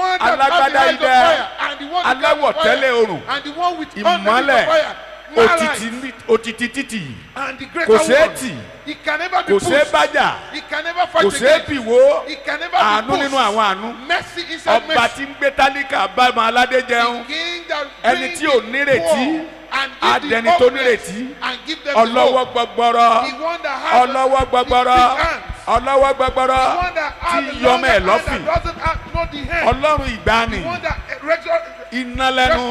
alágbádá idẹ aláwọ̀ tẹ́lẹ̀ òrùn ìmọ́lẹ̀ òtítì òtítì títì kò ṣeé tì kò ṣeé bájà kò ṣeé bìwó àánú nínú àwọn àánú ọba tí ń gbé tálíkà bá ọmọ aládé jẹun ẹni tí ò nírètí adẹni tó nírètí ọlọ́wọ́ gbọgbọrọ ọlọ́wọ́ gbọgbọrọ ọlọ́wọ́ gbọgbọrọ tí yọmọ ẹ lọ́fìn ọlọ́run ìgbani eh, iná lẹ́nu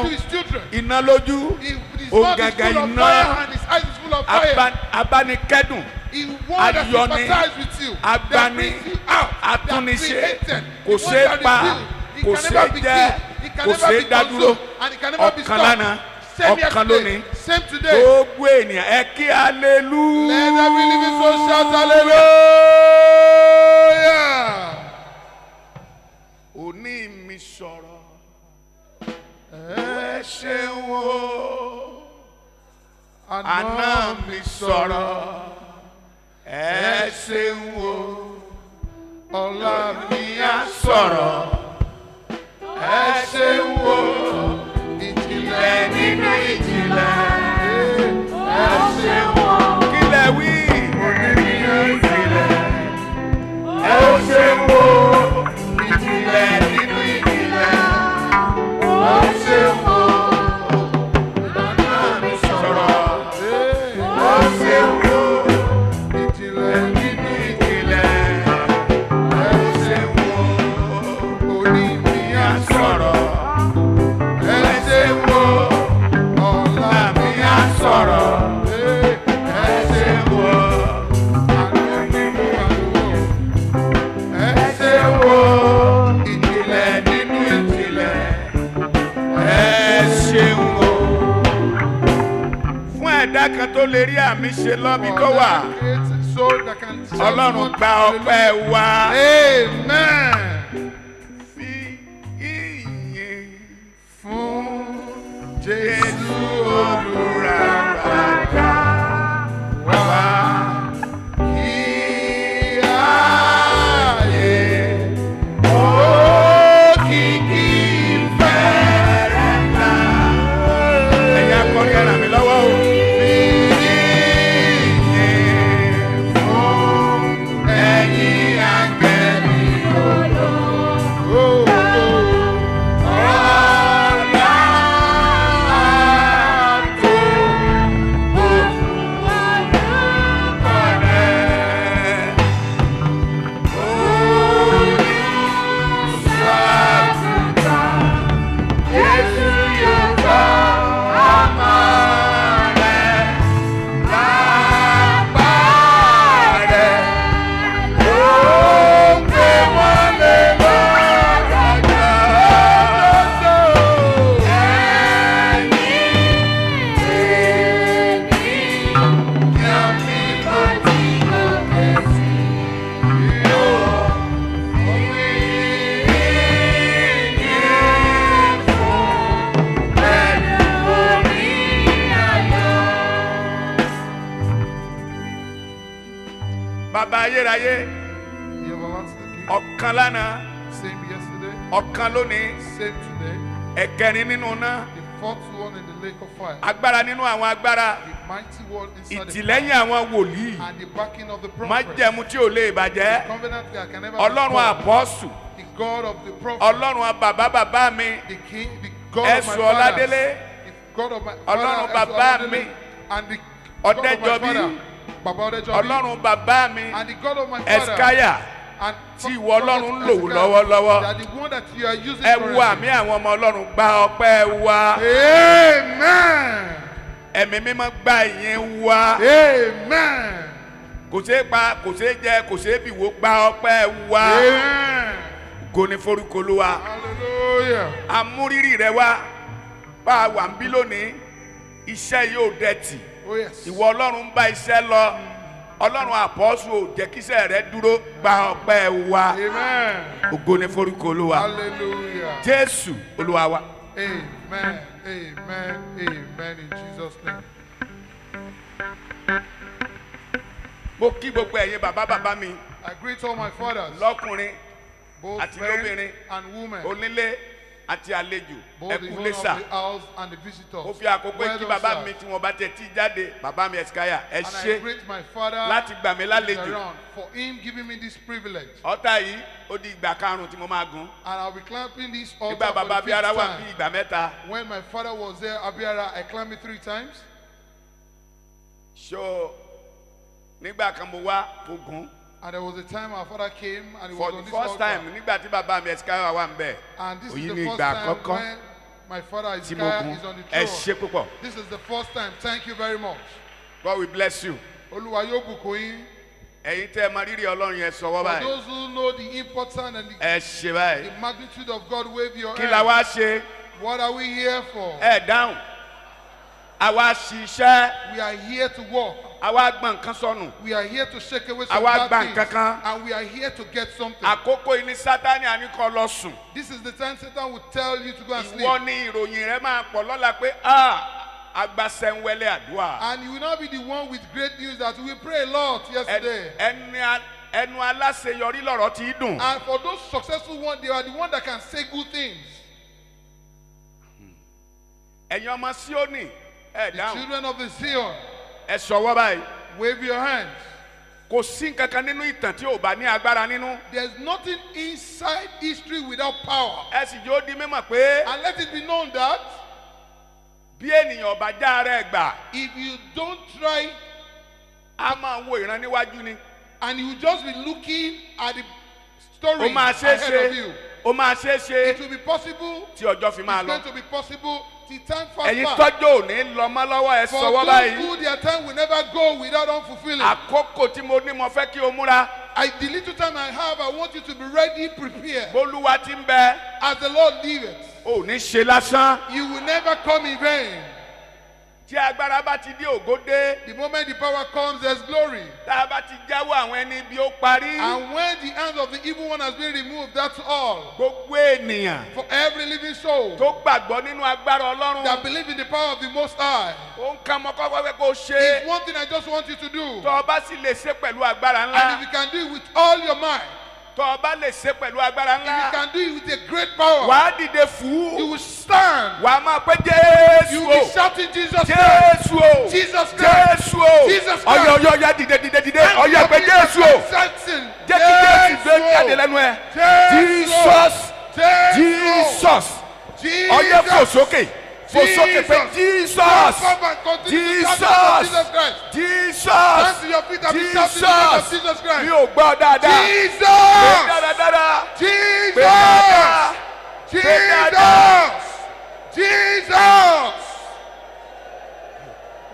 iná lójú o gàgà iná abanikẹ́dùn ayọ̀ni abani atúniṣe kò ṣe é pa kò ṣe é jẹ kò ṣe é dádúró ọ̀kan lánàá ọ̀kan lónìí gbogbo ènìyàn ẹ kí alelu. let every living soul shout mi sọ̀rọ̀ ẹ ṣeun o àná mi sọ̀rọ̀ ẹ ṣeun o ọlá mi á sọ̀rọ̀ ẹ ṣeun o ìjìnlẹ̀ nínú ìjìnlẹ̀. ọlọ́run gba ọpẹ́ wa. ìtìlẹ́yìn àwọn wòlíì májẹ̀mú tí ò lè bàjẹ́ ọlọ́run àpọ́sù ọlọ́run bàbá bàbá mi ẹ̀sùn ọ̀ládélé ọlọ́run bàbá mi ọ̀dẹ́jọbí ọlọ́run bàbá mi ẹ̀skáyà tí ìwọ ọlọ́run ń lò lọ́wọ́lọ́wọ́ ẹ wo àmì àwọn ọmọ ọlọ́run gba ọpẹ́ wa. amen. ẹ̀mí mímọ́ gbà yẹn wá. amen. kò ṣeé pa kò ṣeé jẹ kò ṣeé bì wò gba ọpẹ́ wa. amen. goni forúkọ Olúwa. hallelujah. amúrírì rẹ wá bá a wà ń bí lónìí iṣẹ́ yóò dẹ̀tì. oh ìwọ ọlọ́run ń bá iṣẹ́ lọ. ọlọ́run àpọ́sù ò jẹ́ rẹ dúró gba ọpẹ́ wa ògo ni forúkọ olúwa jésù olúwa wa. Amen. Amen. Amen. In Jesus' name. Mo kí gbogbo ẹ̀yin bàbá bàbá mi. I greet all my fathers. Lọ́kùnrin àti lóbìnrin. And women. Onílé àti àlejò ẹkúlé sà mo fi àkókò kí bàbá mi tí wọn bá tẹ tí jáde bàbá mi ẹsikáyà ẹ ṣe láti gbà mí lálejò ọ̀tá yìí ó di ìgbà karùn-ún tí mo máa gun nígbà bàbá abiyara wà bí ìgbà mẹ́ta. when my father was there abiyara I climbed three times. so nígbà kan mo wá mo gun. And there was a time our father came and he For was on this the first time, nígbà tí bàbá mi Ẹ̀sìkáyà wà ń bẹ̀. And this is the first time when my father Ẹ̀sìkáyà is on the throne. This is the first time. Thank you very much. God we bless you. Olúwa yóò bùkún yín. Ẹ̀yin tẹ́ ẹ máa rírì Ọlọ́run yẹn sọ̀wọ́ báyìí. For those who know the importance and the, the magnitude of God wave your hand. Kí la wá ṣe? What are we here for? Ẹ dáhùn àwa ṣiṣẹ́. we are here to work. àwa gbà nǹkan sọnù. we are here to shake away some bad things. àwa gbà nǹkan kan. and we are here to get something. àkókò yìí ni sátani àní kan lọ sùn. this is the time satan will tell you to go and sleep. ìwọ ni ìròyìn rẹ máa pọ̀ lọ́la pé ah agbasẹ́nwẹ́lẹ́ àdúrà. and you will not be the one with great news that we pray a lot yesterday. ẹni ẹnu aláṣeyọrí lọ̀rọ̀ ti dùn. and for those successful ones they are the ones that can say good things. Hmm. ẹ̀yin ọmọ síónì the children of the Zion. ẹ sọ̀wọ́ báyìí. wave your hands. kò sí nkankan nínú ìtàn tí ò bá ní agbára nínú. there is nothing inside history without power. ẹ sì yóò di mímọ̀ pé. and let it be known that. bí ènìyàn ọba já ara ẹ gbà. if you don't try. a máa wo ìran níwájú ni. and you just be looking at the story ahead of you. o máa ṣe é ṣe ó máa ṣe é ṣe. it will be possible. tí ọjọ́ fi máa lọ. it's going to be possible till time fast. ẹ̀yin tọ́jú òní lọ mọ́ lọ́wọ́ ẹ sọ́wọ́ báyìí. for those who their time will never go without unfulfilling. àkókò tí mo ní mo fẹ́ kí o múra. I the little time I have, I want you to be ready, prepared. As the Lord liveth. Oh, ò ní You will never come in vain tí agbára bá ti dé ògo the moment the power comes there is glory. tá a bá ti jáwọ́ àwọn ẹni bí ó parí. and when the hands of the evil one has been removed that's all. gbogbo ènìyàn. for every living soul. tó gbàgbọ́ nínú agbára ọlọ́run. that believe in the power of the most high. ó ń kan mọ́ kọ́kọ́ kó ṣe. it's one thing I just want you to do. tó o bá sì lè ṣe pẹ̀lú agbára ńlá. and if you can do it with all your mind tọ́ ọ lè ṣe pẹ̀lú agbára ńlá. you can do it with a great power. wàá dìde fún. you will stand. wàá máa pé Jésù o. you will be shouting Jesus Christ. Jésù o. Jesus Christ. Jésù o. Jesus Christ. ọyọ ọyọ ọyọ dìde dìde dìde ọyọ pé Jésù o. jẹ́ kí Jésù gbé jáde lẹ́nu ẹ. Jesus Jesus ọyọ fò sókè. For fò sókè pé Jesus Jesus Jesus Jesus mi ò gbọ́ dáadáa Jesus Jesus Jesus Jesus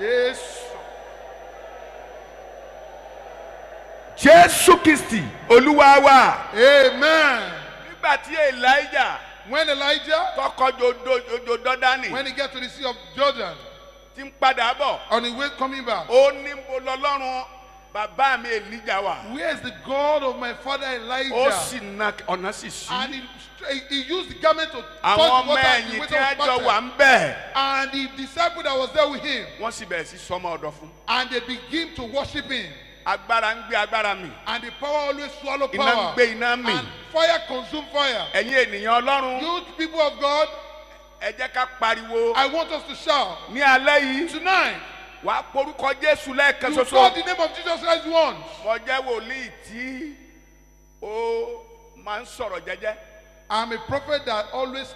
Jésù. Jesus Kristi Olúwa wa. Amen. Nígbà tí Elijah. When Elijah. Tọkọ jodo jodo Jọ́dánì. When he get to the sea of Jordan. Ti ń padà bọ̀. On the way coming back. Ó ní mo bàbá mi Elijah wà. Where is the God of my father Elijah? Ó sì na ọ̀nà sì sí. And he he used the garment to touch the water and the water àwọn ọmọ ẹ̀yìn tí ẹjọ́ wà ń bẹ̀. and the disciple that was there with him. wọ́n sì bẹ̀rẹ̀ sí sọmọ ọ̀dọ̀ fún. and they begin to worship him agbára ń gbé agbára mi. and the power always swallow power. iná ń gbé iná mi. and fire consume fire. ẹ̀yin ènìyàn ọlọ́run. you people of God. ẹ jẹ́ ká pariwo. I want us to shout. ní alẹ́ yìí. tonight. wà á porúkọ Jésù lẹ́ẹ̀kan ṣoṣo. you call the name of Jesus Christ once. mo jẹ́ wòlíì tí ó máa ń sọ̀rọ̀ jẹ́jẹ́. I'm a prophet that always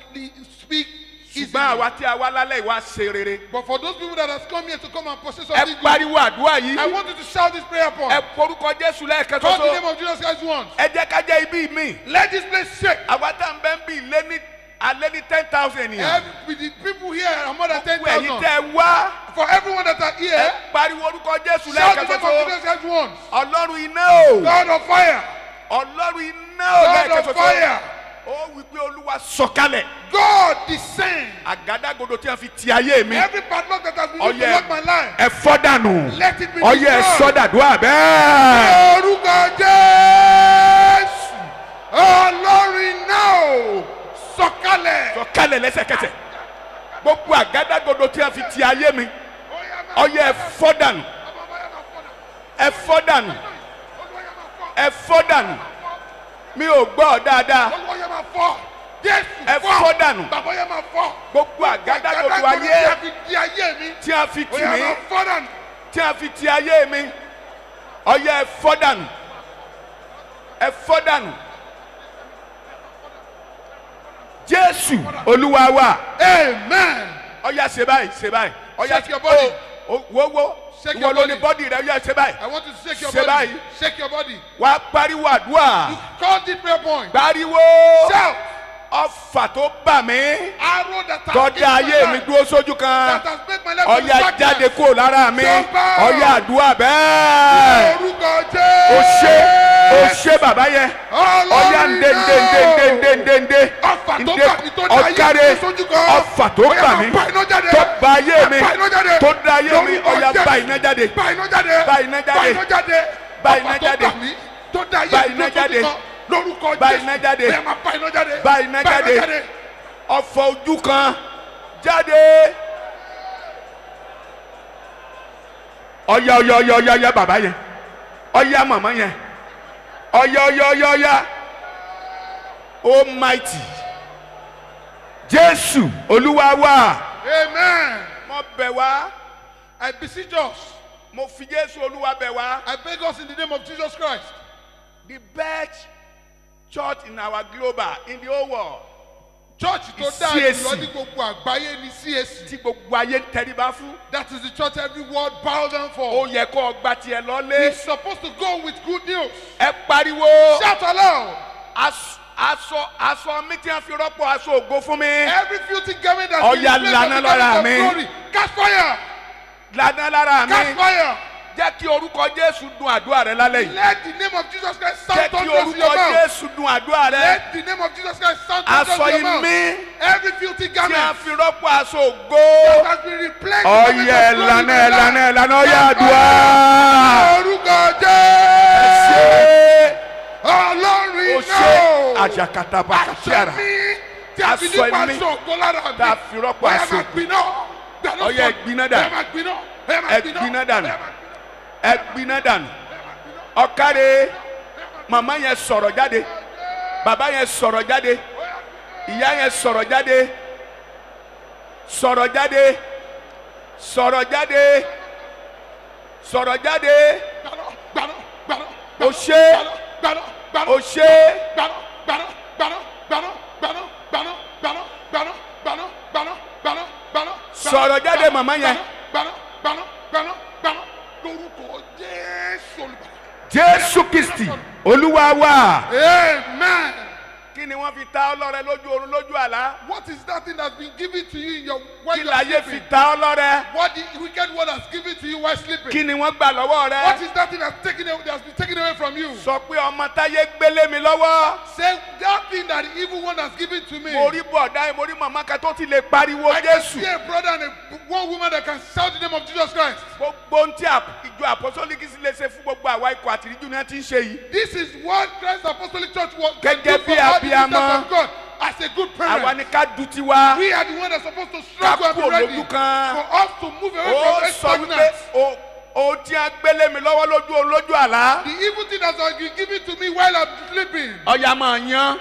speak ṣùgbọ́n àwa tí a wá lálẹ́ ìwà ṣe rere. but for those people that has come here to come and possess of this good. ẹ pariwo àdúrà yìí. I want you to shout this prayer point. ẹ forúkọ Jésù lẹ́ẹ̀kan call the name of Jesus Christ once. ẹ jẹ́ ká jẹ́ ibi mi. let this place shake. àwa tá n bẹ́ ń bì lé ní alẹ́ ní ten thousand yẹn. every the people here are more than ten thousand. gbogbo ẹ̀yin wá. for everyone that are here. ẹ pariwo orúkọ Jésù lẹ́ẹ̀kan shout the name of Jesus Christ once. Ọlọ́run iná o. God of fire. Ọlọ́run iná o lẹ́ẹ̀kan ṣoṣo. God of fire ó wí pé olúwa sọ̀kalẹ̀. God descend. àgádágodo tí a fi ti ayé mi. every padlock that has been used to lock my life. ẹ fọ́ let it be destroyed. ọyẹ ẹ sọ dàdúrà bẹ́ẹ̀. orúkọ jésù ọlọ́run náà sọ̀kalẹ̀. sọ̀kalẹ̀ lẹ́sẹ̀kẹsẹ̀ gbogbo àgádágodo tí a fi ti ayé mi ọyẹ ẹ fọ́ dànù ẹ fọ́ dànù ẹ mi ò gbọ́ dáadáa. ọwọ́ yẹn máa fọ́ jésù fọ́ ẹ fọ́ dànù bàbá yẹn máa fọ́ gbogbo àgádágodo ayé tí a fi tì mí tí a fi ti ayé mi ọyẹ ẹ fọ́ dànù ẹ fọ́ dànù jésù olúwa wa amen ọyà ṣe báyìí ṣe báyìí ọyà ṣe wo wo ìwọ ló ní body rẹ yẹ ṣe báyìí. I want shake your body. ṣe báyìí. shake body. wàá pariwo àdúrà. you call the prayer point. pariwo. shout ọfà tó bà mí tọ́jà ayé mi dúró sójú kan ọ̀yà jáde kúrò lára mi ọ̀yà àdúrà bẹ́ẹ̀ o ṣe o ṣe bàbá yẹn ọ̀yà ndé ndé ndé ndé ndé ndé ndé ọ̀kárẹ́ ọfà tó bà mí tó bà ayé mi tó da ayé mi ọ̀yà bà iná jáde bà iná jáde bà iná jáde bà iná jáde lórúkọ jésù bá iná jáde bẹ́ẹ̀ máa bá iná jáde bá iná jáde ọ̀fọ̀ ojú kan jáde. ọ̀yá ọ̀yá ọ̀yá ọ̀yá ọ̀yá bàbá yẹn ọ̀yá màmá yẹn ọ̀yá ọ̀yá ọ̀yá ọ̀yá almighty jésù olúwa wá. amen. mo bẹ̀ wá. I beseech us. Mo fi Jésù Olúwa bẹ̀ wá. I beg us in the name of Jesus Christ. The birth church in our global in the whole world. church tó dáa jùlọ ní gbogbo àgbáyé ni CAC. tí gbogbo ayé ń tẹríba fún. that is the church every word, bow down for. ó yẹ kó ọgbà tiẹ̀ lọ́lé. he is supposed to go with good news. ẹ pariwo. shout aloud. as aso aṣọ mi tí a fi rọ́pò aṣọ ògo fún mi. every filthy garment that you wear for the glory catch fire. lànà lára mi. catch fire jẹ́ kí orúkọ Jésù dùn àdúrà rẹ lálẹ́ yìí. let the name of Jesus Christ sound thunders your mouth. jẹ́ kí orúkọ Jésù dùn àdúrà rẹ. let the name of Jesus Christ sound thunders your mouth. aṣọ ìmí every filthy garment. tí a fi rọ́pò aṣọ ògo. that has been replaced with the garment of glory. ọyẹ ẹlànà ẹlànà ẹlànà ọyẹ àdúrà. orúkọ Jésù. ọlọ́run iná. o ṣe àjàkàtàbà kàṣíàrà. aṣọ ìmí tá a fi rọ́pò aṣọ ògo. ọyẹ gbiná dà ẹ gbiná dànù ẹ gbiná dànù ọ̀kadì màmá yẹn sọ̀rọ̀ jáde bàbá yẹn sọ̀rọ̀ jáde ìyá yẹn sọ̀rọ̀ jáde sọ̀rọ̀ jáde sọ̀rọ̀ jáde sọ̀rọ̀ jáde o ṣe sọ̀rọ̀ jáde màmá yẹn lórúkọ Jésù Olùbàdàn. Jésù Kristi Olúwa wa. Amen kí ni wọ́n fi ta ọ́ lọ́rẹ lójú oorun lójú àlá. what is that thing that has been given to you in your while you are sleeping. kí fi ta ọ́ lọ́rẹ. what the wicked one has given to you while sleeping. kí wọ́n gbà lọ́wọ́ rẹ. what is that thing that's taken away that's been taken away from you. sọ pé ọmọ táyé gbélé mi lọ́wọ́. say that thing that the evil one has given to me. mo rí bọ̀dá mo rí màmá kan tó ti lè pariwo Jésù. I can see a brother and a one woman that can shout the name of Jesus Christ. gbogbo ohun tí ìjọ apostolic lè ṣe fún gbogbo àwa ikọ̀ àtìríjú this is what Christ apostolic church was. gẹ́gẹ́ bí abiyamọ abiyamọ. As a good parent, àwa ni ká du tiwa. We are the one that supposed to struggle and be ready for us to move away oh, from stagnant. Oh, ohun tí a gbélé mi lọ́wọ́ lójú àlá. The evil thing that been given to me while I'm sleeping. Ọ̀yà máa yan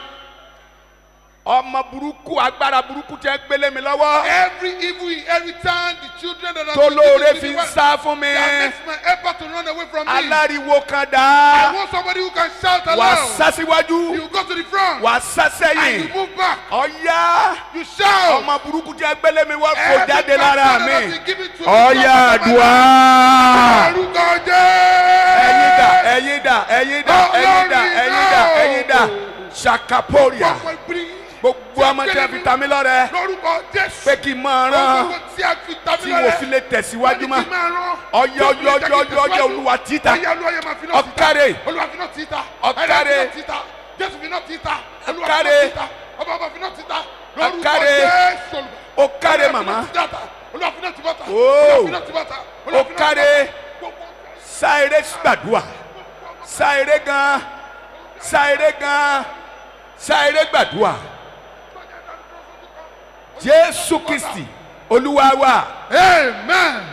ọmọ burúkú agbára burúkú tẹ gbélé mi lọ́wọ́. every evil inheritance the children that are to lóore fi ń sá fún mi. that makes my effort to run away from me. aláriwo kan dá. I want somebody who can shout aloud. wà á sá you go to the front. wà á sá and you move back. ọ̀yá. you shout. ọmọ burúkú tẹ gbélé mi wọ́n kò jáde lára mi. ọ̀yá àdúrà. orúkọ jẹ́. ẹyin dà ẹyin dà ẹyin dà ẹyin dà ẹyin dà ẹyin dà ṣàkàpọ̀rìà gbogbo ọmọ tí a fi ta mí lọ́rẹ pé kí n máa rán tí mo fi lè tẹ̀síwájú mọ́ ọyọ ọyọ ọyọ ọyọ ọyọ olúwa títa ọkàrẹ ọkàrẹ ọkàrẹ ọkàrẹ ọkàrẹ màmá ooo ọkàrẹ sáyẹrẹ gbàdúrà sáyẹrẹ gan sáyẹrẹ gan sáyẹrẹ gbàdúrà jésù kristi olúwa wa. amen.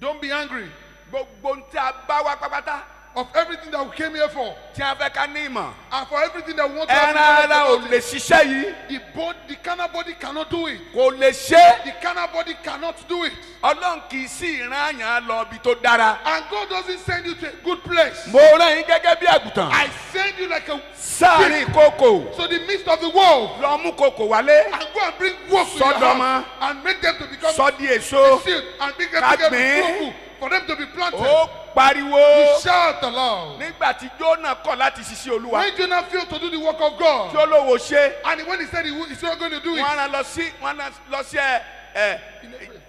don't be angry. gbogbo ń a bá wá pápátá of everything that we came here for. tí a fẹ́ ká ní ìmọ̀. and for everything that we want to have. ẹran ara ò lè ṣiṣẹ́ yìí. the body the carnal body cannot do it. kò lè ṣe. the carnal body cannot do it. ọlọ́run kì í sí ìran àyàn lọ ibi tó dára. and God doesn't send you to a good place. mo rán yín gẹ́gẹ́ bí àgùntàn. I send you like a. sáàrin kókò. so the midst of the world. lọ mú kókò wálé. and go and bring work to so your house. sọdọmọ. and make them to become. sọdí èso. the seed and bring them together with kókò for them to be planted. ó pariwo. you shout aloud. nígbà tí Jónà kọ̀ láti ṣiṣẹ́ olúwa. when Jonah failed to do the work of God. tí ó lówó ṣe. and when he said he was not going to do it. wọ́n á lọ sí wọ́n á lọ sí ẹ ẹ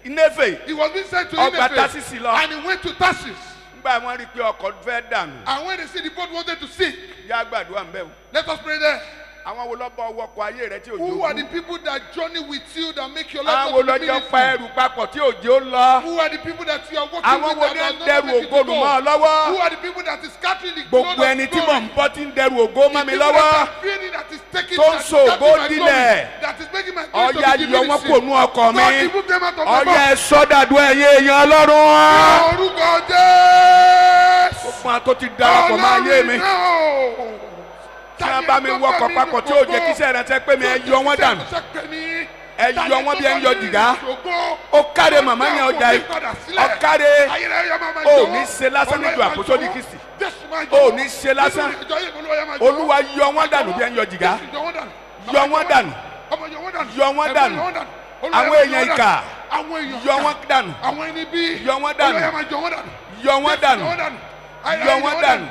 Inefe. he was being sent to Inefe. ọgbà Tarshish lọ. and he went to Tarshish nígbà wọn rí i pé ọkọ̀ fẹ́ dànù. and when they see the boat wanted to sink. yá gbàdúrà ń bẹ̀ wò. let us pray there àwọn wo lọ bọ wọkọ̀ ayé rẹ tí òjò kú. who are the people that journey with you that make your life a to ministry. àwọn wo lọ jọ fa ẹrù papọ̀ tí òjò lọ. who are the people that you are working with that are not making you go. dẹrù ògo mọ́ ọ lọ́wọ́. who are the people that is scattering the glory of glory. gbogbo ẹni tí mò ń bọ́ ti ń dẹrù ògo mọ́ mi lọ́wọ́. tó ń so ògo dilẹ̀. yọ wọn kò nú ọkọ̀ mi. ọ̀ya sọ́dàdú ẹ̀yẹ èèyàn ọlọ́run wa. orúkọ jẹ́. ó fún wa tó ti darapọ̀ máa yé mi tí wọ́n bá mi wọkọ̀ papọ̀ tí yóò jẹ́ kí iṣẹ́ rẹ tẹ́ pé mi ẹ yọ wọ́n dànù ẹ yọ wọn bí ẹ ń yọ jìgá ó káre màmá yẹn ọjà yìí ó káre ó ní ṣe lásán níjọ àkóso ní kìsì ó ní ṣe lásán olúwa yọ wọn dànù bí ẹ ń yọ jìgá yọ wọn dànù yọ wọn dànù àwọn èèyàn ìkà yọ wọn dànù yọ wọn dànù yọ wọn dànù yọ wọn dànù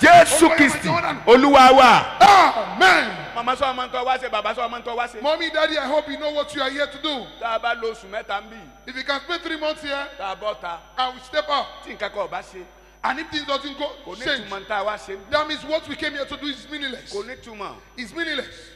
jésù kristi olúwa wa. amen. mama sọ ọmọ nǹkan wá ṣe baba sọ ọmọ nǹkan wá ṣe. mọ́mí dadi i hope you know what you are here to do. tá a bá lo oṣù mẹ́ta ń bì. if you can spend three months here. tá a bọ́ ta. i will step up. tí nǹkan kan ò bá ṣe. and if things doesn't go change. kò ní túmọ̀ tá a wá ṣe. that means what we came here to do is meaningless. kò ní túmọ̀. it's meaningless.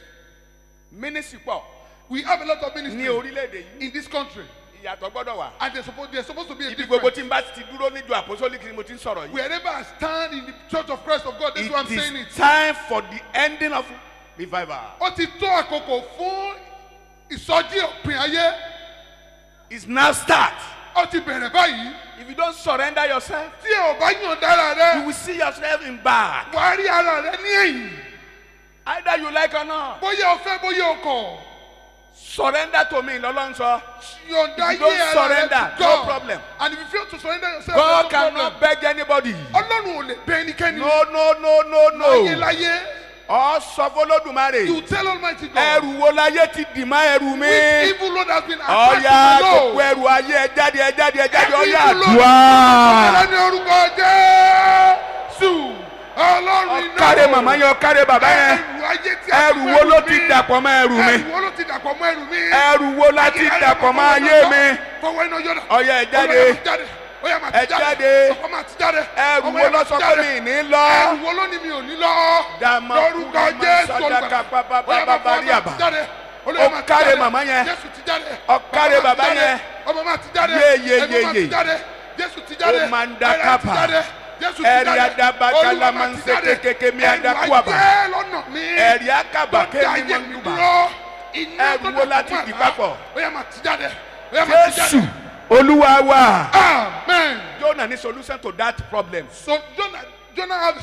ministry pọ̀. we have a lot of ministry. ní orílẹ̀-èdè yìí. in this country ìyàtọ̀ gbọ́dọ̀ wà. and they suppose they suppose to be a different. ibi gbogbo tí n bá ti dúró níjọ apostolic ni mo ti ń sọ̀rọ̀ yìí. wherever I stand in the church of Christ of God that's it why I'm saying it. it is time for the ending of revival. ó ti tó àkókò fún ìsọjí òpin ayé. it's now start. ó ti bẹ̀rẹ̀ báyìí. if you don't surrender yourself. tí ò bá yàn dára rẹ. you will see yourself in bad. wàá rí ara rẹ ní ẹ̀yìn. either you like or not. bóyá o fẹ́ bóyá o kọ̀ surrender to me lọ́lọ́run sọ. you don't surrender no problem. and if you fail to surrender yourself. God no cannot beg anybody. ọlọ́run ò lè bẹ ẹnikẹ́ni. no no no no no. láyé láyé. ọ sọ fọlọ́dùmarè. you tell almighty God. ẹrù wo láyé ti dì má ẹrù mi. which evil Lord has been attached to me. ọ̀ya gbogbo ẹrù ayé ẹ jáde ẹ jáde ẹ jáde ọ̀ya àdúrà. every evil load. ọ̀rẹ́ ni orúkọ jẹ́ sùn ọlọ́run iná ọ̀kárẹ̀ màmá yẹn ọ̀kárẹ̀ bàbá yẹn ẹrù wo ló ti dàpọ̀ mọ́ ẹrù mi ẹrù wo la ti dàpọ̀ mọ́ ayé mi ọ̀yà ẹ̀ jáde ẹ jáde ẹrù wo lọ sọ pé mi ní lọ ẹrù wo ló ní mi ò ní lọ lórúkọ Jésù olùgbàlà ọ̀yà bàbá rí àbá ọ̀kárẹ̀ màmá yẹn ọ̀kárẹ̀ bàbá yẹn yéyeyeye yéyeyeye ó máa ń dá kápá ẹ̀rí adabakala máa ń ṣe kékeré mi adakuaba ẹ̀rí akaba kémi máa ẹ̀rú wo láti dì papọ̀ jésù olúwa wa Jonah ní solution to that problem. so Jonah Jonah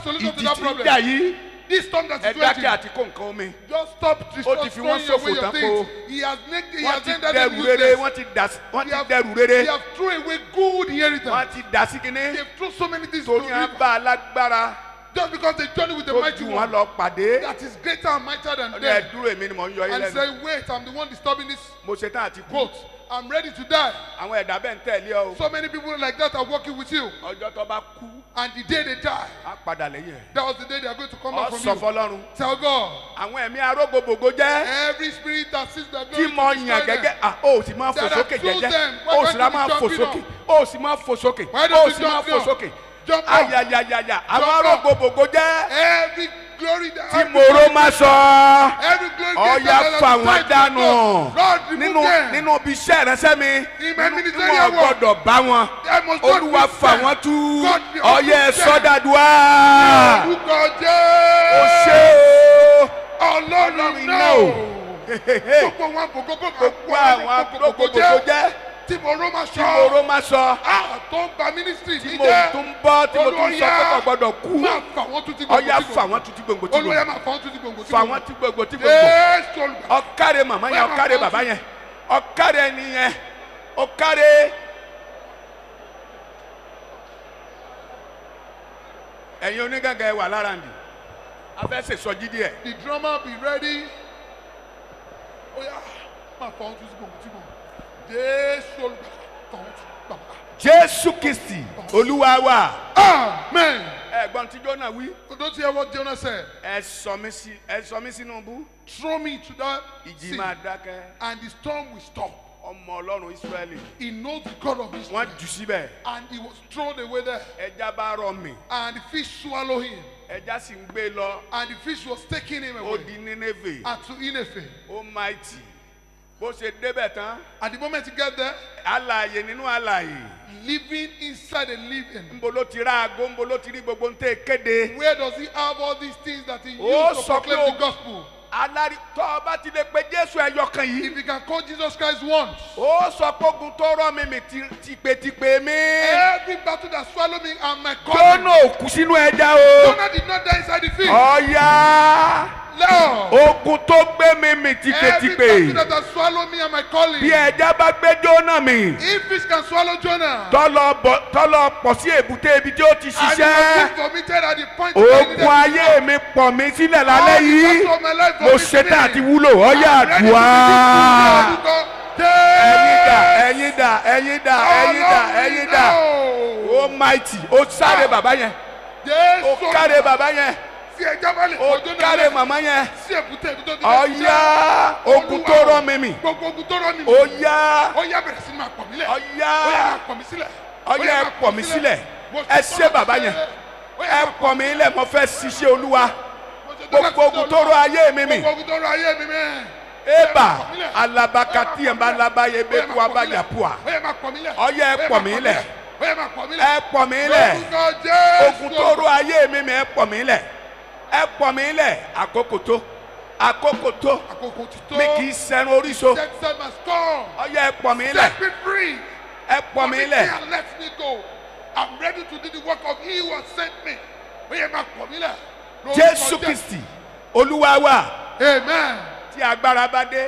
jà yìí this storm that is raging. ẹ dákẹ́ àti kó nǹkan omi. just stop to stop throwing away your things. he has naked he has ended them useless. wọ́n ti dẹrù rere wọ́n ti dẹrù rere. he has thrown away good inheritance. wọ́n ti dà sí kinní. they throw so many things to him. torí a bá alágbára just because they journey with the oh, mighty one that is greater and mightier than them. ọ̀rẹ́ dúró èmi ni mò ń yọ ilé. and say wait i'm the one disturbing this. mo ṣe tán àti kú. quote I'm ready to die. Àwọn ẹ̀dá bẹ́ẹ̀ ń tẹ̀lé ọ. So many people like that are working with you. Ọjọ́ tó bá kú. And the day they die. A padà lẹ́yìn ẹ̀. That was the day they are going to come back from you. Ọ sọ fọlọ́run. Tell God. Àwọn ẹ̀mí arógbòbògbò jẹ́. Every spirit that sees the glory. Tí mo yàn gẹ́gẹ́ à ah, ó sì máa fò sókè jẹ́jẹ́. That are through them. Why don't you be sì máa fò sókè. Why sì máa fò sókè ayayayaya àwọn arógbó bògó jẹ́ tí mòró má sọ ọ̀ya fà wọ́n dànù nínú nínú ibi iṣẹ́ ìrẹsẹ́ mi nínú wọn gbọ́dọ̀ bá wọn olúwa fà wọ́n tú ọ̀yẹ sọ́dàdúà ó ṣe o ọlọ́run náà gbogbo àwọn àbòkókò jẹ́ tí mo ró máa sọ. tí mo ró máa sọ. a tó ń ba mínísítírì yìí jẹ́. tí mo tún bọ́ tí mo tún sọ pé kò gbọ́dọ̀ kú. máa fà wọ́n tún ti gbogbo tí gbogbo. ọya fà wọ́n tún ti gbogbo tí gbogbo. olóyè máa fà wọ́n tún ti gbogbo tí gbogbo. fà wọ́n tún gbogbo tí gbogbo. jésù olùgbà. ọ̀kàrẹ̀ màmá yẹn ọ̀kàrẹ̀ bàbá yẹn ọ̀kàrẹ̀ ẹni yẹn ọ̀kàrẹ̀. ẹ̀yin onígàgà ẹ̀ wà lára ǹdí a fẹ́ ṣe sọ jídí ẹ̀. the drummer be ready. ó yá jésù olùgbàlà jésù kristi olúwa wa. amen. ẹ gbọ́n tí jọ́nà wí. don't hear what Jonah said. ẹ sọ mi sí ẹ sọ mi sínú bú. throw me to that sea. ìjì máa dákẹ́. and the storm will stop. ọmọ ọlọ́run israẹli. he knows the God of Israel. wọ́n jù síbẹ̀. and he was thrown away there. ẹja bá rọ mi. and the fish swallow him ẹja sì ń gbé lọ. and the fish was taking him away. ó di Nineveh. àti Inefe. ó mighty bó ṣe débẹ̀ tán. at the moment you get there. alààyè nínú alààyè. living inside a living. nbo ló ti ra aago nbo ló ti rí gbogbo n tẹ́ e kéde. where does he have all these things that he oh, used to proclaim the gospel. alari tọ́ ọba ti lè pe jésù ẹyọkan yìí. if you can call Jesus Christ once. ó sọ pé ogun tó rọ mi mi tipetipe mi. every battle that swallow me and my calling. jóná òkú sínú ẹja o. Jonah did not die inside the field. ọ̀ya. Oh, yeah. Lord. Ogun tó gbé mi mì tìpètìpè. Every that has swallowed me and my calling. Bí ẹja bá gbé Jónà mì. If fish can swallow Jonah. Tọ́lọ bọ̀ tọ́lọ pọ̀ sí èbúté ibi tí ó ti ṣiṣẹ́. And he was vomited at the point that he needed. Ogun ayé mi pọ̀ mi sílẹ̀ lálẹ́ yìí. Mo ṣetán àti wúlò ọ̀yà àdúrà. Ẹyin dà, ẹyin dà, ẹyin dà, ẹyin dà, ẹyin dà. O mighty, o sáré ah. bàbá yẹn. Jésù. O oh káré bàbá yẹn tí ẹja bá lè kọjú náà lẹ màmá yẹn sí èkúté èkúté tó lè jẹ ọyá okun tó rọ mi mi gbogbo okun tó rọ mi mi ọyá ọyá bẹ̀rẹ̀ sí máa pọ̀ mí lẹ̀ ọyá ọyá pọ̀ mí sílẹ̀ ọyá gbogbo okun ayé mi gbogbo okun ayé mi eba alabakati ẹnba alabaye beku abajapua ọyẹ ẹ pọ̀ mí lẹ̀ ẹ pọ̀ mí lẹ̀ ogun tó ayé mi mi ẹ pọ̀ mí lẹ̀ àkókò tó àkókò tó mi kì í sẹ́nu oríṣo ọyẹ ẹ pọ̀ mí lẹ̀ ẹ pọ̀ mí lẹ̀. Jésù Kristì, Olúwa wa. Amen. Tí agbára bá dé.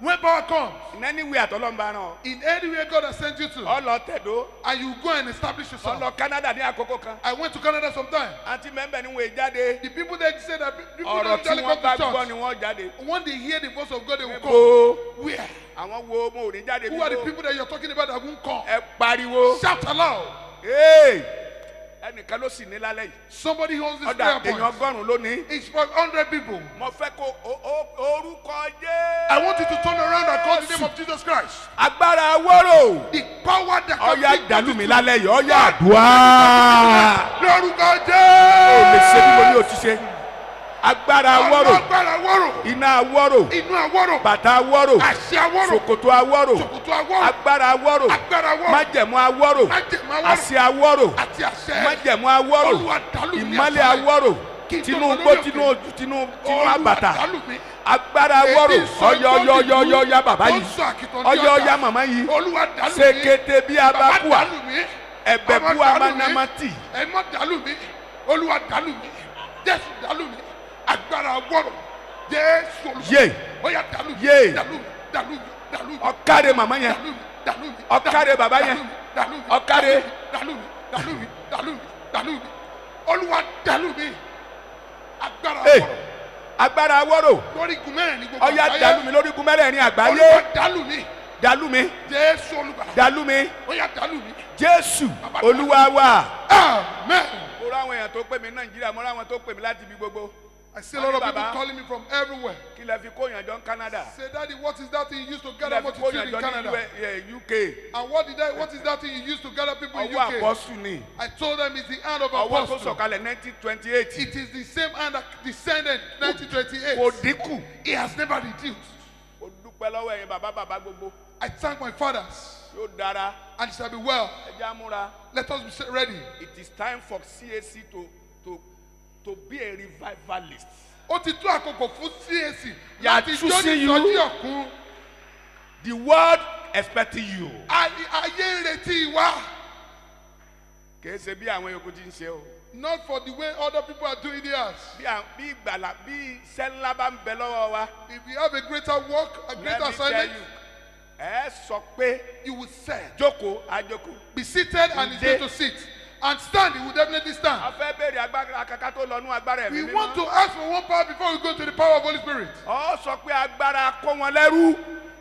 When power comes. In any way at Olomba Olombano. In any way God has sent you to. Ọlọ Tẹ̀dó. And you go and establish yourself. Ọlọ Canada ní àkókò kan. I went to Canada sometime. Àti mẹ́mbẹ̀ ni wọ́n jáde. The people there say that people don't usually come to church. Ọ̀rọ̀ tí wọ́n bá gbọ́ ni wọ́n jáde. When they hear the voice of God they will come. Ẹ̀bùn. Where? Àwọn wo mo ò ní jáde Who are the people that you are talking about that won't come? Ẹ pariwo. Shout aloud. Hey ẹnìkan ló sì ní lálẹ́ yìí. somebody holds this prayer point. ọ̀dà èèyàn ọgọ́rùn-ún ló ní. it's for hundred people. mo fẹ́ ko orúkọ Jésù. I want you to turn around and call the name of Jesus Christ. agbára wóró. the power that can make you dàlú mi lálẹ́ yìí ọ̀yà àdúrà. lórúkọ Jésù. o lè ṣe bí mo ní o ti ṣe agbára awọ́rò agbára awọ́rò iná awọ́rò iná awọ́rò bàtà awọ́rò àṣẹ awọ́rò ṣòkòtò awọ́rò ṣòkòtò awọ́rò agbára awọ́rò agbára awọ́rò májẹ̀mú awọ́rò májẹ̀mú awọ́rò àṣẹ awọ́rò májẹ̀mú awọ́rò ìmọ́lẹ̀ awọ́rò tinubu tinubu tinubu abata agbára woro, ọyọyọyọyọya bàbá yìí ọyọya mama yi, sekete bí abakua ẹbẹ bu amanamati. ẹ má dàlú mi olúwa dàlú mi jésù dàlú agbára wọ̀rọ̀ jésù olùsọ ọ̀yà dàlú dàlú dàlú dàlú ọ̀kadì màmá yẹn ọ̀kadì bàbá yẹn ọ̀kadì dàlú dàlú dàlú dàlú olúwa dàlú mi agbára wọ̀rọ̀ agbára wọ̀rọ̀ ọ̀yà dàlú mi lórí gumẹ́rẹ̀ ní àgbáyé olúwa dàlú mi dàlú mi jésù olùbà dàlú mi ọ̀yà dàlú mi jésù olúwa amen. mo ráwọn èèyàn tó pè mí nàìjíríà mo ráwọn tó pè mí láti ibi gbogbo. I see a lot of people calling me from everywhere. Kí lẹ Canada? Say daddy what is that thing you used to gather multitude in Canada? Kí lẹ fi kó yànjọ́ ní UK? Eh, And what did I what is that thing you used to gather people in UK? I told them it's the hand of apostle. Ọwọ́ tó sọ̀kalẹ̀ nineteen twenty eight. It is the same hand that descended 1928. twenty eight. Kò has never reduced. I thank my fathers. And it shall be well. Let us be ready. It is time for CAC to to to be a revivalist. ó ti tó àkókò fún CAC. láti jó ní ìtọ́jú ọ̀kun. the world expecting you. ayé ń retí wa. kì í ṣe bí àwọn yòókù ti ń ṣe o. not for the way other people are doing theirs. bí bí ìgbàlà bí iṣẹ́ ńlá bá ń bẹ lọ́wọ́ wa. if you have a greater work a greater assignment. let me tell you ẹ sọ pé. you will say. Joko a jókòó. be seated and you need to sit and stand he will definitely stand. a fẹ́ béèrè agbára kankan tó lọ nú agbára ẹ̀mí we want to ask for one power before we go to the power of holy spirit. ọ sọ pé agbára kó wọn lẹ́rú.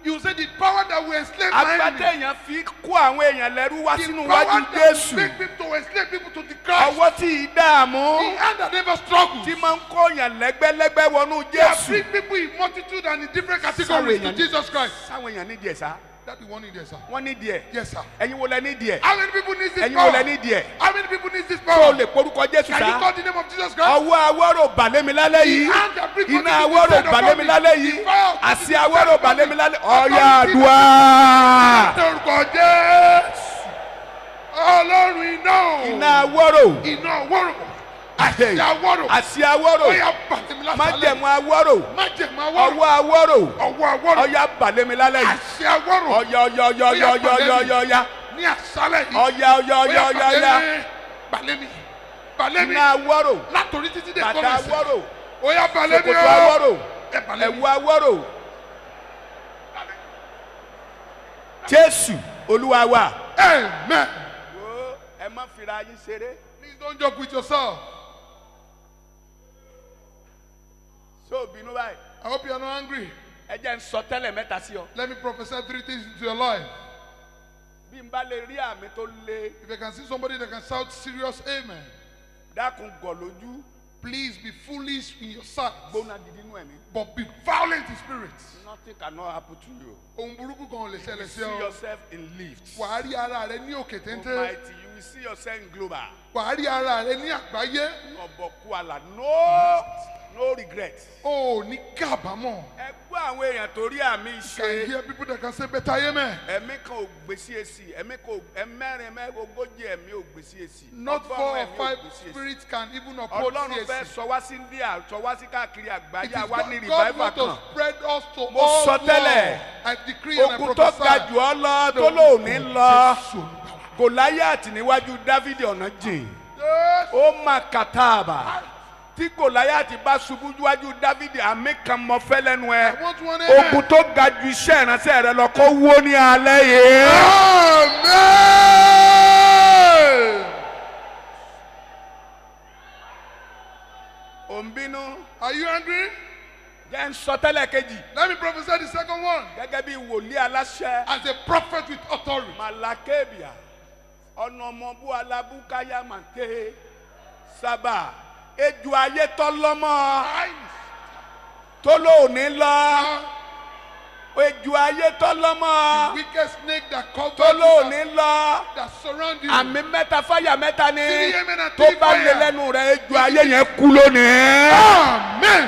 you say the power that will enslave my enemy. agbátẹ èèyàn fi kó àwọn èèyàn lẹ́rú wá sínú iwájú jésù. the power that will make people to enslave people to the cross. ọwọ́ tí ìdààmú. the hand that never struggle. ti máa ń kó èèyàn lẹ́gbẹ́lẹ́gbẹ́ wọnú jésù. they bring people in multitude and in different categories to jesus christ. sáwọn èèyàn nídìí ẹ̀ sá that the one need there sir. wọ́n ní díẹ̀. yes sir. ẹ̀yin wo lẹ ní díẹ̀. how many people need this power. ẹ̀yin wo lẹ ní díẹ̀. how many people need this power. tó lè porúkọ jésù sá. can you call the name of Jesus Christ. ọwọ́ awọ́rò bàlẹ́mi lálẹ́ yìí. iná awọ́rò bàlẹ́mi lálẹ́ yìí. àṣì awọ́rò bàlẹ́mi lálẹ́. ọ̀yà àdúrà. orúkọ jésù ọlọ́run iná. iná awọ́rò. iná awọ́rò àṣẹ awọ́rò àṣẹ awọ́rò májẹ̀mú awọ́rò ọwọ́ awọ́rò ọya balẹ̀mí lálẹ́ yìí àṣẹ awọ́rò ọya ọya ọya ọya ọya ọya ọya ọya ní àṣálẹ̀ yìí ọya ọya ọya ọya ọya balẹ̀mí balẹ̀mí iná awọ́rò látòrí títí dé kọ́mẹ̀sì bàtà awọ́rò ọya balẹ̀mí ṣòkòtò awọ́rò Jésù Olúwa wa. Amen. wo ẹ má fira yín ṣeré. Please don't joke with yourself. so bínú báyìí. I hope you are not angry. Ẹ jẹ́ n sọ tẹ́lẹ̀ mẹ́ta sí ọ. Let me prophesy three things into your life. Bí n bá lè rí àmì tó le. If you can see somebody that can shout serious amen. Dákun gọ̀ lójú. Please be foolish in your sight. Gbóná gidi inú ẹ̀mí. But be violent in spirit. Nothing cannot happen to you. Ohun burúkú kan ò lè ṣẹlẹ̀ sí ọ. You will see yourself in lifts. Wàá rí ara rẹ ní òkè téńté. Almighty, you will see yourself in global wàá ara rẹ ní àgbáyé. ọ̀bọ̀kú àlà no no regret. o ò ní kábàámọ̀. ẹ gbọ́ àwọn èèyàn tó àmì ṣe. can hear people that can say better amen. ẹ̀mí kan ò gbèsè èsì ẹ̀mí kan ò mẹ́rin ogójì ẹ̀mí ò gbèsè èsì. not four or five spirits can even oppose CAC. ọlọ́run fẹ́ sọ wá sí India sọ wá sí káàkiri àgbáyé wa ní revival kan. it is God God want to spread us to all world. mo sọ tẹ́lẹ̀ ogun tó ga jù ọ lọ tó lóun ní lọ gòláyàtì níwájú dávidi ọ̀nà jìn ó mà kàtàbà tí gòláyàtì bá ṣubú níwájú dávidi àmì kan mọ fẹ́ lẹ́nu ẹ ogun tó ga ju iṣẹ́ ìránṣẹ́ rẹ lọ kó wó ní alẹ́ yìí. àmín. are you angry? jẹ́ ń sọ tẹ́lẹ̀ kejì. let me prophesy the second one. gẹ́gẹ́ bí wòlíì aláṣẹ. as a prophet with authority. màlàkébìà ọ̀nà ọmọbú alábúkáyà màkè sábà ejò ayé tọ́lọ́mọ tó lóòní lọ ejò ayé tọ́lọ́mọ tó lóòní lọ àmì mẹ́ta fáyà mẹ́ta ni tó bá lè lẹ́nu rẹ̀ ejò ayé yẹn kú lónìí. amen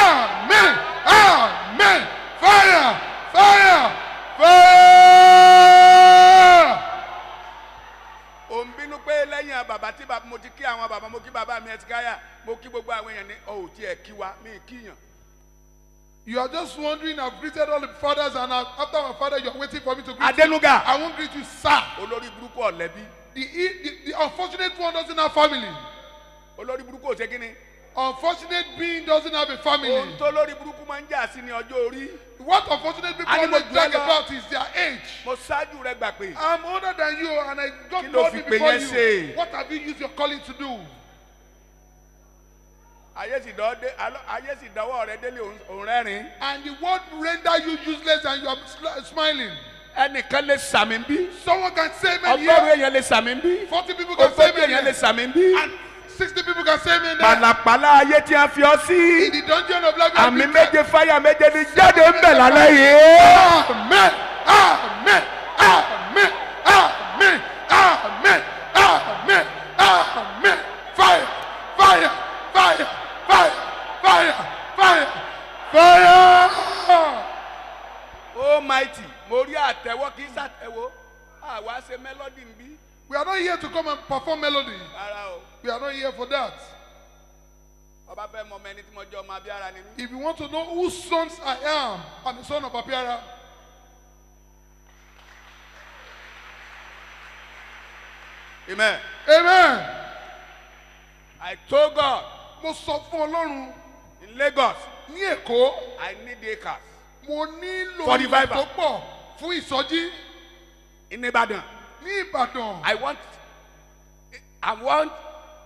amen amen fire fire fire ò ń bínú pé lẹ́yìn bàbá tí bàbá mo ti kí àwọn bàbá mo kí bàbá mi Hezekiah mo kí gbogbo àwọn èèyàn ní ọ̀ ò tiẹ̀ kí wa mi kíyàn. You are just wondering I've greeted all the fathers and after my father you are waiting for me to greet Adenuga. you. I won't greet you sir. Olórí burúkú ọ̀lẹ́bí. The, the the unfortunate one doesn't have family. Olórí burúkú ò ṣe kí ni unfortunate being doesn't have a family. ohun tó lórí burúkú máa ń jà sí ní ọjọ́ orí. what unfortunate people always brag about is their age. mo ṣáájú rẹ gbà pé. I'm older than you and I got no be before you. Say. what have you used your calling to do. ayé sì dánwọ́ rẹ délé òun rẹ́rìn. and the word render you useless and you are smiling. ẹnìkan lè sàmì bí. someone can say many years. ọgọ́rùn èèyàn lè sàmì bí. forty people can say many years. ọgọ́rùn èèyàn lè sàmì bí. and sixty people can say amen. pàlàpàlà ayé tí a fi ọ sí. in the dungeon of life. àmì méje fáyà méje ni jáde ń bẹ̀ lálẹ́ yìí. amen amen amen amen amen amen amen fire fire fire fire fire fire fire. ó maìtì mo rí àtẹ̀wọ́ kì í sàtẹ̀wọ́ àwa ṣe mélòdì ń bí. We are not here to come and perform melody. We are not here for that. If you want to know whose sons I am, I'm the son of Abiara. Amen. Amen. I told God. Mo sọ fún Ọlọ́run. In Lagos. Ní Èkó. I need acres. Mo nílò ìlú tó pọ̀ fún ìsọjí. In Ìbàdàn ní ìbàdàn. I want I want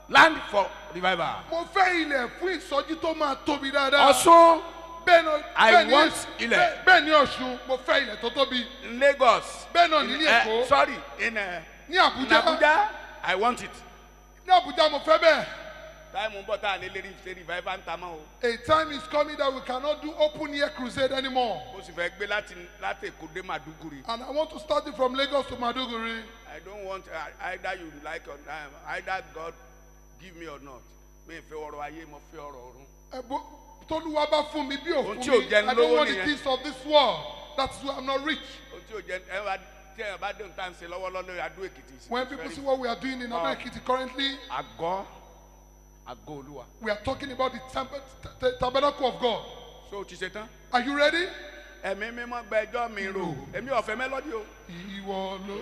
land for revival. mo fẹ́ ilẹ̀ fún ìsọjí tó máa tóbi dáadáa. ọ̀ṣun bẹ́ẹ̀ni I want ilẹ̀. bẹ́ẹ̀ni ọ̀ṣun mo fẹ́ ilẹ̀ tó tóbi. Lagos bẹ́ẹ̀ni ní èkó eh, sorry in, uh, ní Abuja ní Abuja I want it. ní Abuja mo fẹ́ bẹ́ẹ̀ táìmù ń bọ̀ tá a lè revival ń ta mọ́ o. a time is coming that we cannot do open air crusade anymore. mo sì fẹ́ gbé láti láti Èkó dé Maduguri. and I want to start it from Lagos to Maduguri. I don't want either you like or not um, either God give me or not mi fẹ́ ọrọ̀ ayé mo fẹ́ ọrọ̀ ọ̀run. ẹ̀bùn tolúwa bá fún mi bí ò mi I don't want the things of this world that's why I'm not rich. ohun tí o jẹ ẹ wá tí ẹ bá dé nǹkan ṣe lọ́wọ́lọ́wọ́ Adó Èkìtì. when people see what we are doing in Adó Èkìtì currently. àgọ́ àgọ́ olúwa. we are talking about the tab tabernacle of God. so ti ṣe tán. are you ready. ẹ̀mí mímọ́ gba ẹjọ́ mi rò èmi ọ̀fẹ́ mélòdì o. ìwọ ló.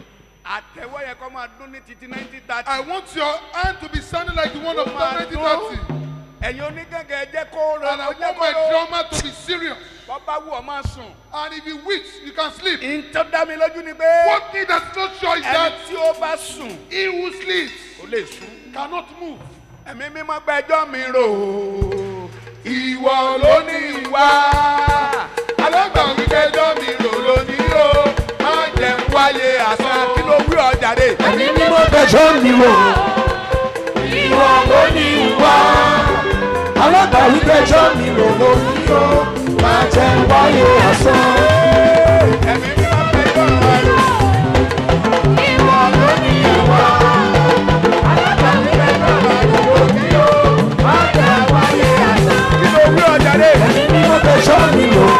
àtẹ̀wọ́ yẹn kọ́ máa dún ní títí nineteen thirty. I want your hand to be sounding like the one of nineteen thirty. ẹ̀yin onígẹ̀gẹ̀ jẹ́ kó rọ. and I want my drama to be serious. bọ́ wù ọ́ máa sùn. and if you wish you can sleep. ntọ́ dá mi lójú ni pé. one thing that's not sure is that. ẹni tí ó bá sùn. he who sleeps. kò lè sùn. cannot move ẹ̀mí mímọ́ gbẹ́jọ́ mi rò ìwọ ló ní ìwà alágbọ̀n mi gbẹ́jọ́ mi rò lónìí o má jẹ́ ń wáyé àsán kí ló wí ọjà rè. ẹ̀mí mímọ́ gbẹ́jọ́ mi rò ìwọ ló ní ìwà alágbọ̀n mi gbẹ́jọ́ mi rò lónìí o má jẹ́ ń wáyé àsán. ẹ̀mí mímọ́. ṣọ́ on.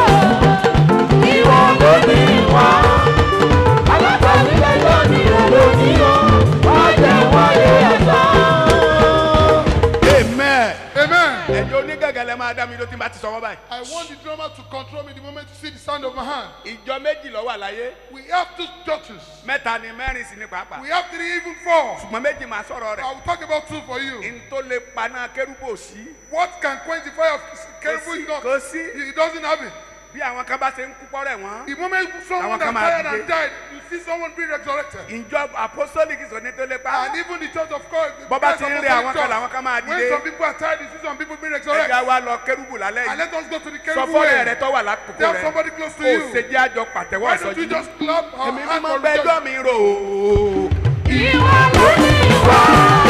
gángan máa dá mi ló ti bá ti sọ̀rọ̀ báyìí. I want the drummer to control me the moment you see the sound of my hand. Ìjọ méjì ló wà láyé. We have two churches. Mẹ́ta ni mẹ́rin sì ni pàápàá. We have three even four. Ṣùgbọ́n méjì máa sọ̀rọ̀ rẹ̀. I will talk about two for you. N tó lè paná kérúbù sí. What can quench the fire of kérúbù is not? Kò sí. He doesn't have it bí àwọn kan bá ṣe ń kú pọ́rẹ̀ wọn. the moment someone that fired and died you see someone being resurrected. ìjọ apostolic is òní tó lé pa. and even the church of God. bọ́bá ti ń rí àwọn kan làwọn kan máa dìde. when some people are tired you see some people being resurrected. ẹja wa lọ kérúbù lálẹ́ yìí. and let us go to the kérúbù way. sọfọ́rẹ́ rẹ tó wà lákòókò rẹ. there somebody close to you. kò ṣèjì àjọ pàtẹ́wọ́ sọ́jú. why don't you just clap our hands for the church. èmi mọ bẹ́ẹ̀ dọ́ mi rò. ìwà lónìí wá.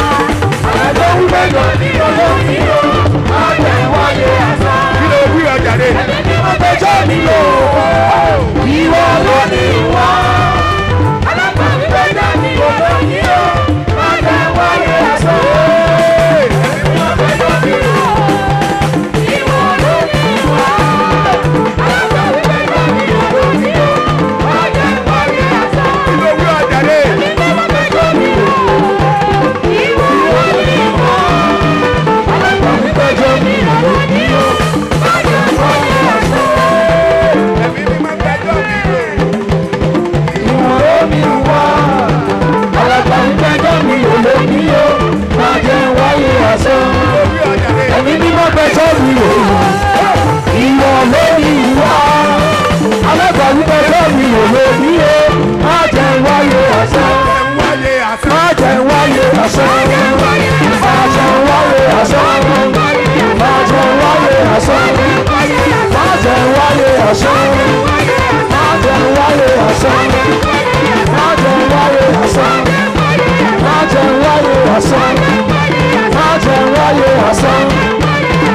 ọ̀sán májẹ̀ ń wáyé ọ̀sán májẹ̀ ń wáyé ọ̀sán májẹ̀ ń wáyé ọ̀sán májẹ̀ ń wáyé ọ̀sán májẹ̀ ń wáyé ọ̀sán májẹ̀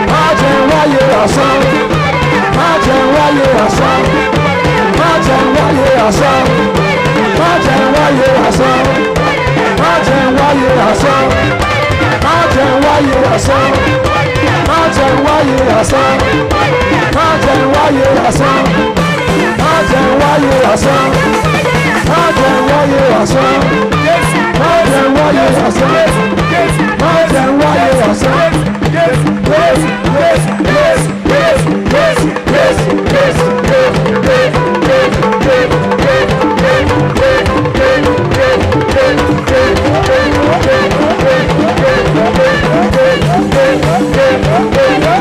ń wáyé ọ̀sán májẹ̀ ń wáyé ọ̀sán májẹ̀ ń wáyé ọ̀sán májẹ̀ ń wáyé ọ̀sán májẹ̀ ń wáyé ọ̀sán. má jẹ wáyé asán má jẹ wáyé asán má jẹ wáyé asán má jẹ wáyé asán má Yes, wáyé asán má jẹ wáyé asán. Yes, yes, yes, yes, yes, yes, yes, yes, yes, yes, yes. no.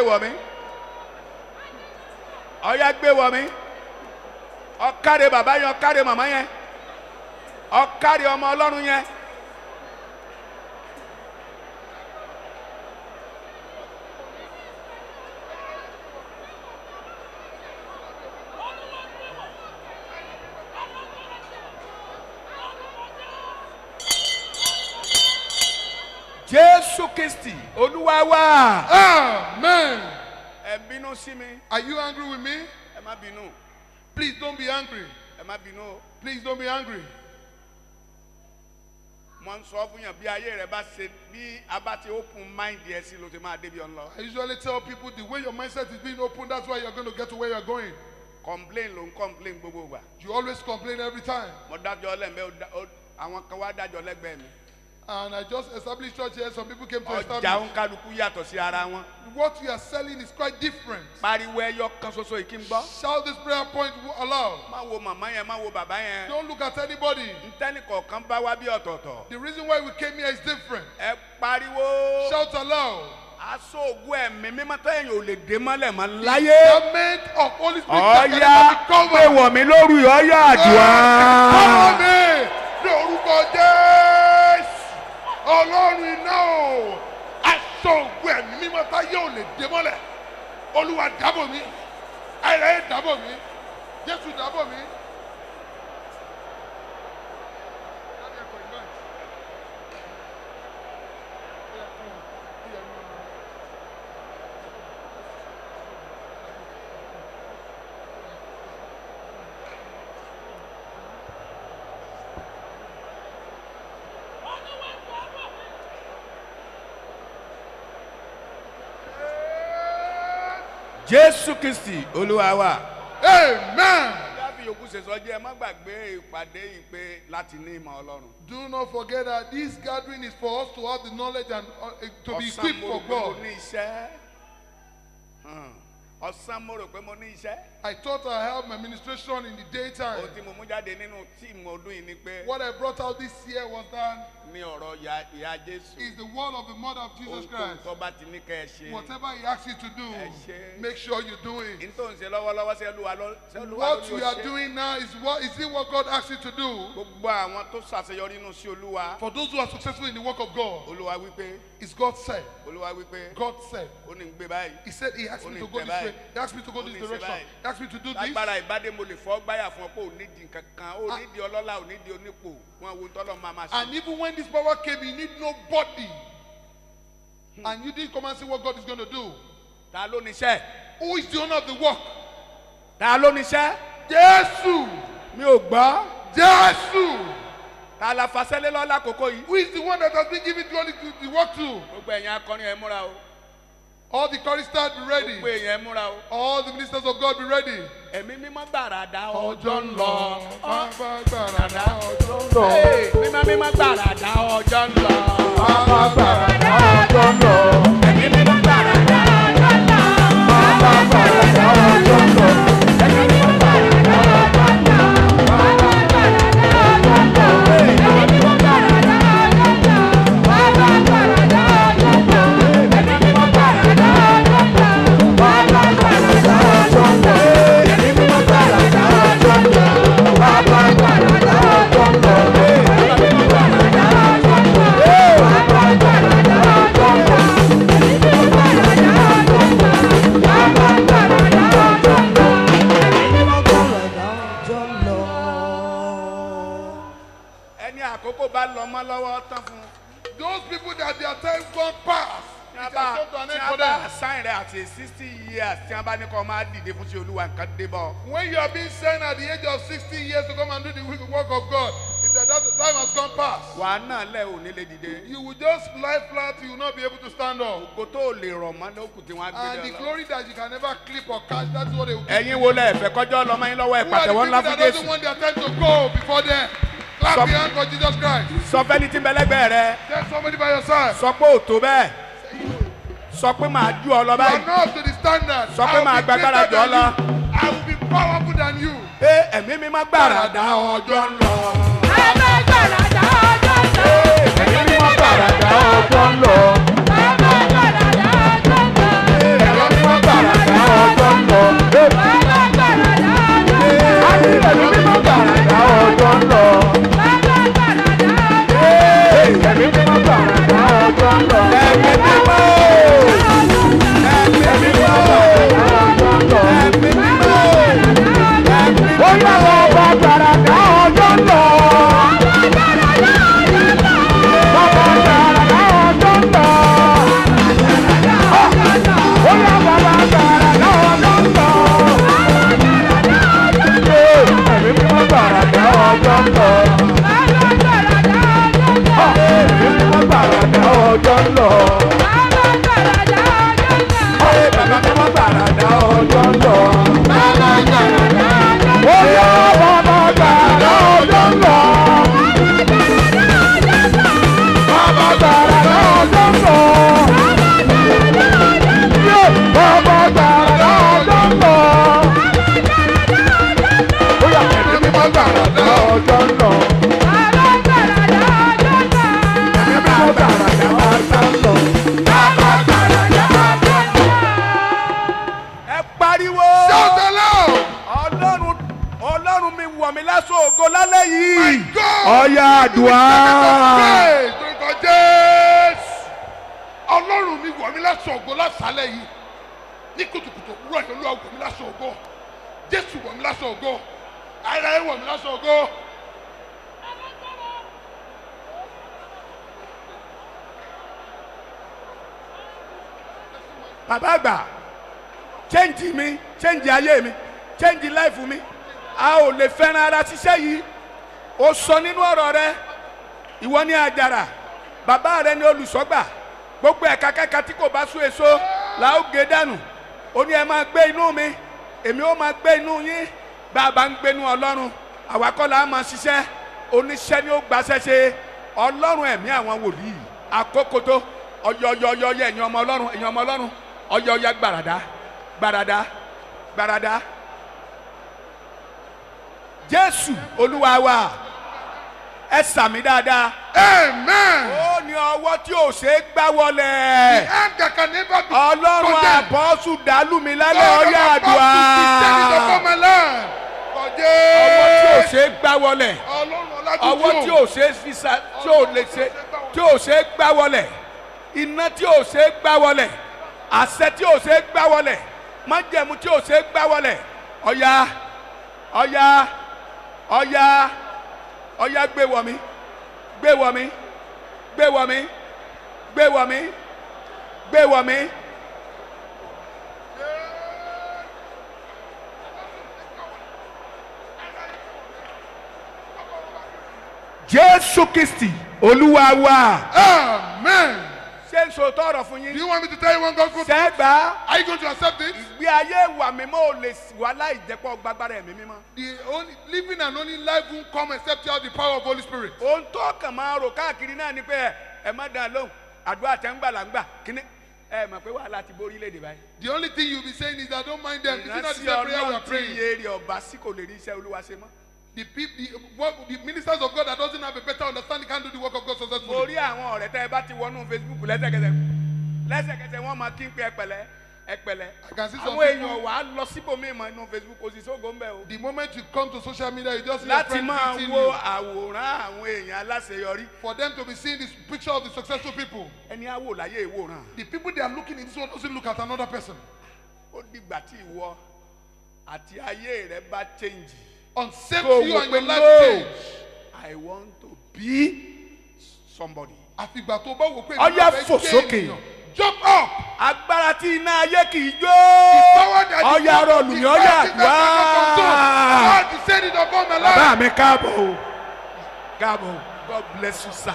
gbé wọ̀ mí ọ̀yá gbé wọ̀ mí ọ̀kadì bàbá yẹn ọ̀kadì màmá yẹn ọ̀kadì ọmọ ọlọ́run yẹn. Jésù Kristi Olúwa wa. Ah bínú sí mi. Are you angry with me? Ẹ má bínú. Please don't be angry. Ẹ má bínú Please don't be angry. Mo ń sọ fún yàn bí ayé rẹ bá ṣe bí a bá ti open mind yẹn sí ló ti máa débi ọ̀n lọ. I usually tell people the way your mindset is being open that's why you're going to get to where you're going. Complain ló ń complain gbogbo gbà. You always complain every time. Mo dájọ́ lẹ́m̀bẹ́ àwọn kan wá dájọ́ lẹ́gbẹ̀ẹ́ mi and I just established church here. Some people came to establish. Ọjà òǹkàlùkù yàtọ̀ sí ara wọn. What you are selling is quite different. Pariwo ẹyọ kan ṣoṣo yìí kí n gbọ́. Shout this prayer point aloud. Má wo màmá yẹn, má wo bàbá yẹn. Don't look at anybody. Ntẹ́ni bá wá bí ọ̀tọ̀ọ̀tọ̀. The reason why we came here is different. Ẹ pariwo. Shout aloud. Aṣoògùn ẹ̀mí mímọ́ tẹ́yìn ò lè dé mọ́lẹ̀ mọ́ láyé. The government of Holy Spirit oh, that yeah. cannot be covered. Ọ̀ya pé wọ̀mí lórí ọ̀ya àdúrà. Ọ̀ya kọ́ọ̀mì lórúkọ jẹ́ ọlọ́run iná o aṣọ ògùn ẹ̀mí mímọ́ tá yóò lè dé mọ́lẹ̀ olúwa dábò mi ẹ̀rẹ́ dábò mi jésù dábò mi. jésù kristi olúwa wa. amen. dábì yòókù ṣe sọ jẹ́ ẹ má gbàgbé ìpàdé yìí láti ní ìmọ̀ ọlọ́run. do not forget that this gathering is for us to have the knowledge and uh, to be equipped for God. ọ̀sán mo rò pé mo ní iṣẹ́. Hmm. ọ̀sán mo rò pé mo I thought I had my administration in the daytime. What I brought out this year was that is the word of the mother of Jesus Christ. Whatever he asks you to do. Make sure you do it. What you are doing now is what is it what God asks you to do? For those who are successful in the work of God. Olúwa It's God said. God said. He said he asked me to go this way. way he asked me to go this direction he asked me to do this. lágbára ìbádé mo lè fọ́ gbáyà fún ọ pé ò ní kan ò ní ah. di ọlọ́lá ò ní wọn wo tọ́lọ́ máa ma ṣe. and even when this power came you need nobody hmm. and you didn't come and see what God is gonna do. ta ló ní iṣẹ́. who is the owner of the work. ta ló ní iṣẹ́. Jésù. mi ò gbọ́. Jésù. ta la fasẹ́lé kókó yìí. who is the one that has been given glory to the work to. gbogbo ẹ̀yin akọrin ẹ̀ múra o. All the choristers be ready. Gbogbo èèyàn múra o. All the ministers of God be ready. Ẹ̀mí mímọ́ gbàràdà ọjọ́ ń lọ. Ọba gbàràdà ọjọ́ ń lọ. Mímọ́ mímọ́ gbàràdà ọjọ́ ń lọ. Ọba gbàràdà ọjọ́ ń lọ. Ẹ̀mí mímọ́. máa lọ́wọ́ tán fún. those people that their time gone past. ìjà tó tán tí a bá sáyìn rẹ àti sixty years tí a bá ní kọ́ máa dìde fún sí olúwa nǹkan dé bọ̀. when you are being sent at the age of sixty years to come and do the work of God it that time has gone past. wàá náà lẹ ò ní lè dìde. you will just lie flat you will not be able to stand up. ògo tó lè rọ̀ mọ́ ló kù tí wọ́n á gbé lọ. and the glory that you can never clip or catch that's what they will do. ẹ̀yin wo lẹ ẹ̀fẹ̀ kọ́jọ́ lọ́mọ yín lọ́wọ́ ẹ̀ pàtẹ́wọ́ ńlá fún Jésù. who are the people that doesn't want their time to go before them clap your hands for Jesus Christ. sọ fẹ́ni tí mẹlẹ́gbẹ́ rẹ. tell somebody by your side. sọ pé ò tó bẹ́ẹ̀ sọ pé màá ju ọ lọ báyìí. you are not to the standard. sọ pé màá gbàgbára jọ lọ. I will be powerful than you. pé ẹ̀mí mi má gbàrà dá ọjọ́ lọ. ó sọ nínú ọ̀rọ̀ rẹ ìwọ ni àjàrà bàbá rẹ ni olùṣọ́gbà gbogbo ẹ̀ka kẹ́ka tí kò bá sún èso là ó gé dànù ó ní ẹ máa gbé inú mi èmi ó máa gbé inú yín bàbá ń gbénu ọlọ́run àwa kọ́ la máa ṣiṣẹ́ oníṣẹ́ ni ó gbaṣẹ́ ṣe ọlọ́run ẹ̀mí àwọn wòlíì àkókòtó ọyọyọyọyọ ẹ̀yin ọmọ ọlọ́run ẹ̀yin ọmọ ọlọ́run ọyọyọ gbàràdá gbàràdá gbàràdá jésù olúwa wa ẹ sàmì dáadáa. amen. ó ní ọwọ́ tí ò ṣe é gbá wọlé. the hand that can never be condemned. ọlọ́run àbọ̀sù dàlúmi lálẹ́ ọyá àdúrà. ọlọ́run àbọ̀sù ti tẹ́lẹ̀ lọ́kọ́ mọ́ náà. kọjá. ọwọ́ tí ò ṣe é gbá wọlé. ọlọ́run ọlájú tí ò. ọwọ́ tí ò ṣe é sísá tí ò lè ṣe tí ò ṣe é gbá wọlé. iná tí ò ṣe é gbá wọlé. àṣẹ tí ò ṣe é gbá wọlé. májẹ̀mú tí ò ṣe é gbá wọlé. ọ̀ya ọ̀ya ọ̀ya ọ̀yá gbé wọ̀ mí gbé wọ̀ mí gbé wọ̀ mí gbé wọ̀ mí gbé wọ̀ mí. Jésù Kristi Olúwa wa. Amen ṣé n sòótọ́ ọ̀rọ̀ fún yín. do you want me to tell you one gospel truth. sẹ́gbà. are you going to accept this. ìgbé ayé ìwà mímọ́ ò lè wà láì jẹ́pọ̀ gbàgbára ẹ̀mí mímọ́. the only living and only life won't come except you have the power of holy spirit. ohun tó kàn máa rò káàkiri náà ni pé ẹ má dàn lóhùn àdúrà tẹ́ ń gbà là ń gbà kíní ẹ mọ̀ pé wàhálà ti borí léde báyìí. the only thing you be saying is I don't mind them. ìrántí ọlọ́run ti yé rí ọba sí kò lè rí iṣẹ́ olúwa ṣe mọ́ the people the work the ministers of God that doesn't have a better understanding can't do the work of God successfully. mo rí àwọn ọ̀rẹ́ tẹ́ ẹ bá ti wọnú Facebook lẹ́sẹ̀kẹsẹ̀ lẹ́sẹ̀kẹsẹ̀ wọ́n máa kí n pe ẹ̀pẹ̀lẹ́ ẹ̀pẹ̀lẹ́ àwọn èèyàn wà á lọ síbòmíì mọ́ inú Facebook kò sì sóògùn bẹ́ẹ̀ o. the moment you come to social media you just see your friend meeting you. láti máa wo àwòrán àwọn èèyàn aláṣeyọrí. for them to be seeing this picture of the successful people. ẹni á wò láyé ìwòran. the people they are looking in this one doesn't look at another person. ó dìgbà tí ìwọ àti ayé rẹ bá change on safety on your last day, I want to be somebody. àfìgbà tó bá wò pé ìgbà tó fẹ́ jẹ́ ènìyàn jump up. agbára tí iná ayé kì í jó. ọ̀yà rọlùmí ọ̀yà wá. bàbá mi káàbọ̀ o káàbọ̀ o God bless you sir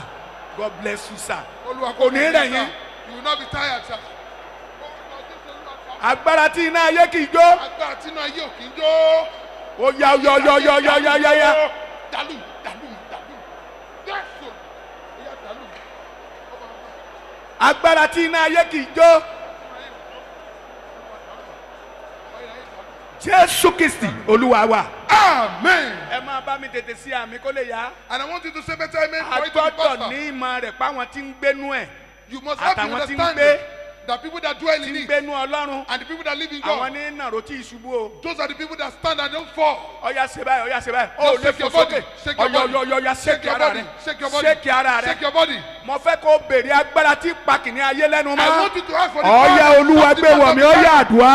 God bless you sir. kò ní rẹ̀ you will not be tired sir. agbára tí iná ayé kì í jó. agbára tí iná ayé kì í jó ó yá yá yá yá yá yá yá yá. dàlú dàlú dàlú dẹ́sùn ìyá dàlú. agbára tí iná ayé kì í jó. jésù kristi olúwa wa. amen. ẹ máa bá mi tètè sí àmì kó lè yá. and i want you to say better amen for it to be pastor. a gbọ́dọ̀ ní ìmọ̀ rẹ̀ páwọn tí ń gbénú ẹ̀ àtàwọn tí ń gbé the people that dwell in it. ti ń gbénu and the people that live in God. àwọn ní nàró tí ìṣubú o. those are the people that stand and don't fall. ọ̀ya ṣe báyìí ọ̀ya ṣe báyìí. o lè fò sókè ọ̀yọ̀yọ̀yọ̀ ṣèkì ara rẹ ṣèkì ara rẹ. mo fẹ́ kó béèrè agbára tí pàkì ní ayé lẹ́nu mọ́. ọ̀ya olúwa gbé wọ̀ mí ọ̀ya àdúrà.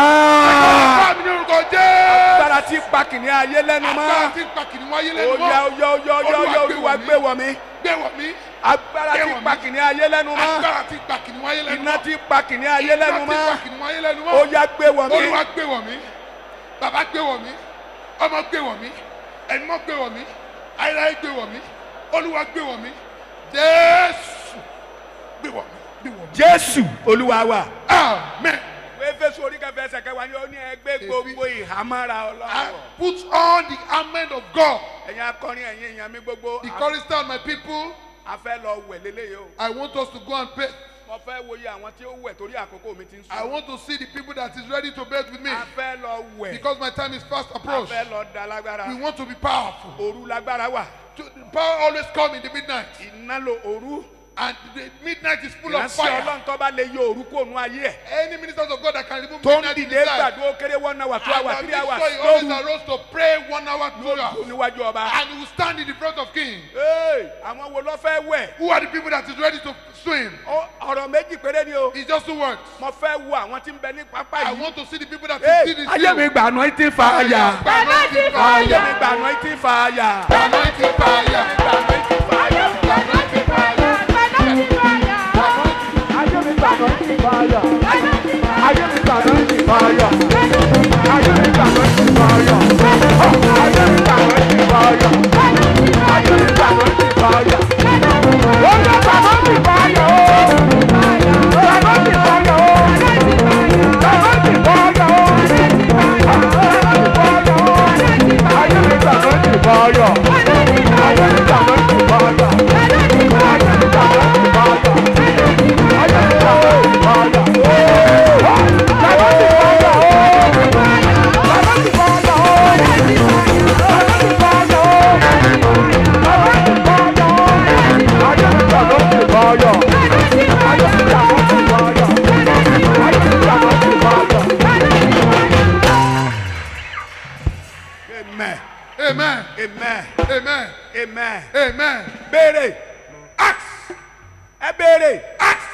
agbára tí pàkì ní ayé lẹ́nu mọ́. ọ̀ya ọ̀yọ̀yọ̀yọ̀ olúwa gbé wọ̀ mí. gbé wọ̀ mí agbára ti pa kìnìún ayé lẹ́nu mọ́ agbára ti pa kìnìún ayé lẹ́nu mọ́ iná ti pa kìnìún ayé lẹ́nu mọ́ iná ti pa kìnìún ayé lẹ́nu mọ́ ó yá gbé wọ̀ mí olúwa gbé wọ̀ mí bàbá gbé wọ̀ mí ọmọ gbé wọ̀ mí ẹ̀mọ́ gbé wọ̀ mí ayélujára gbé wọ̀ mí olúwa gbé wọ̀ mí jésù gbé wọ̀ mí jésù olúwa wa. amen. Efesu orí kẹfẹ kẹwàá ni ó ní ẹgbẹ́ gbogbo ìhámọ́ra ọlọ́run. Put on the armament of God. Ẹ̀yin akọrin ẹ̀yin èèyàn gbogbo. The chorister of my people a fẹ́ lọ wẹ̀ lélẹ́yìí o. I want us to go and pay. Mo fẹ́ wo iye àwọn tí ó wẹ̀ torí àkókò mi ti ń sùn. I want to see the people that is ready to bed with me. A fẹ́ lọ wẹ̀. Because my time is fast approach. A fẹ́ lọ da lágbára. We want to be powerful. Òru lágbára wà. Power always come in the midnight. Ìná lo òru and the midnight is full of fire. ìránṣẹ́ ọlọ́run tó bá lè yọ òru kó ayé ẹ̀. any minister of God that can remove midnight in his life. tó ń dìde gbàdúró kéré one hour two hours, three hours lóru. and the minister always arose to pray one hour two hours. lóru níwájú ọba. and he will stand in the front of king. ee àwọn wo ló fẹ́ wẹ̀. who are the people that is ready to swim. ọ̀rọ̀ méjì péré ni o. it's just two words. mo fẹ́ wo àwọn tí ń bẹ ní pápá yìí. I want to see the people that is still in the sea. ayé mi gbà àná ti fa àyà. gbàná ti ayé mi gbà àná ti fa àyà. gbàná ti fa àyà. gbàná ti fa àyà. I'm gonna be Fire! amen. amen. béèrè ask. ẹ béèrè ask.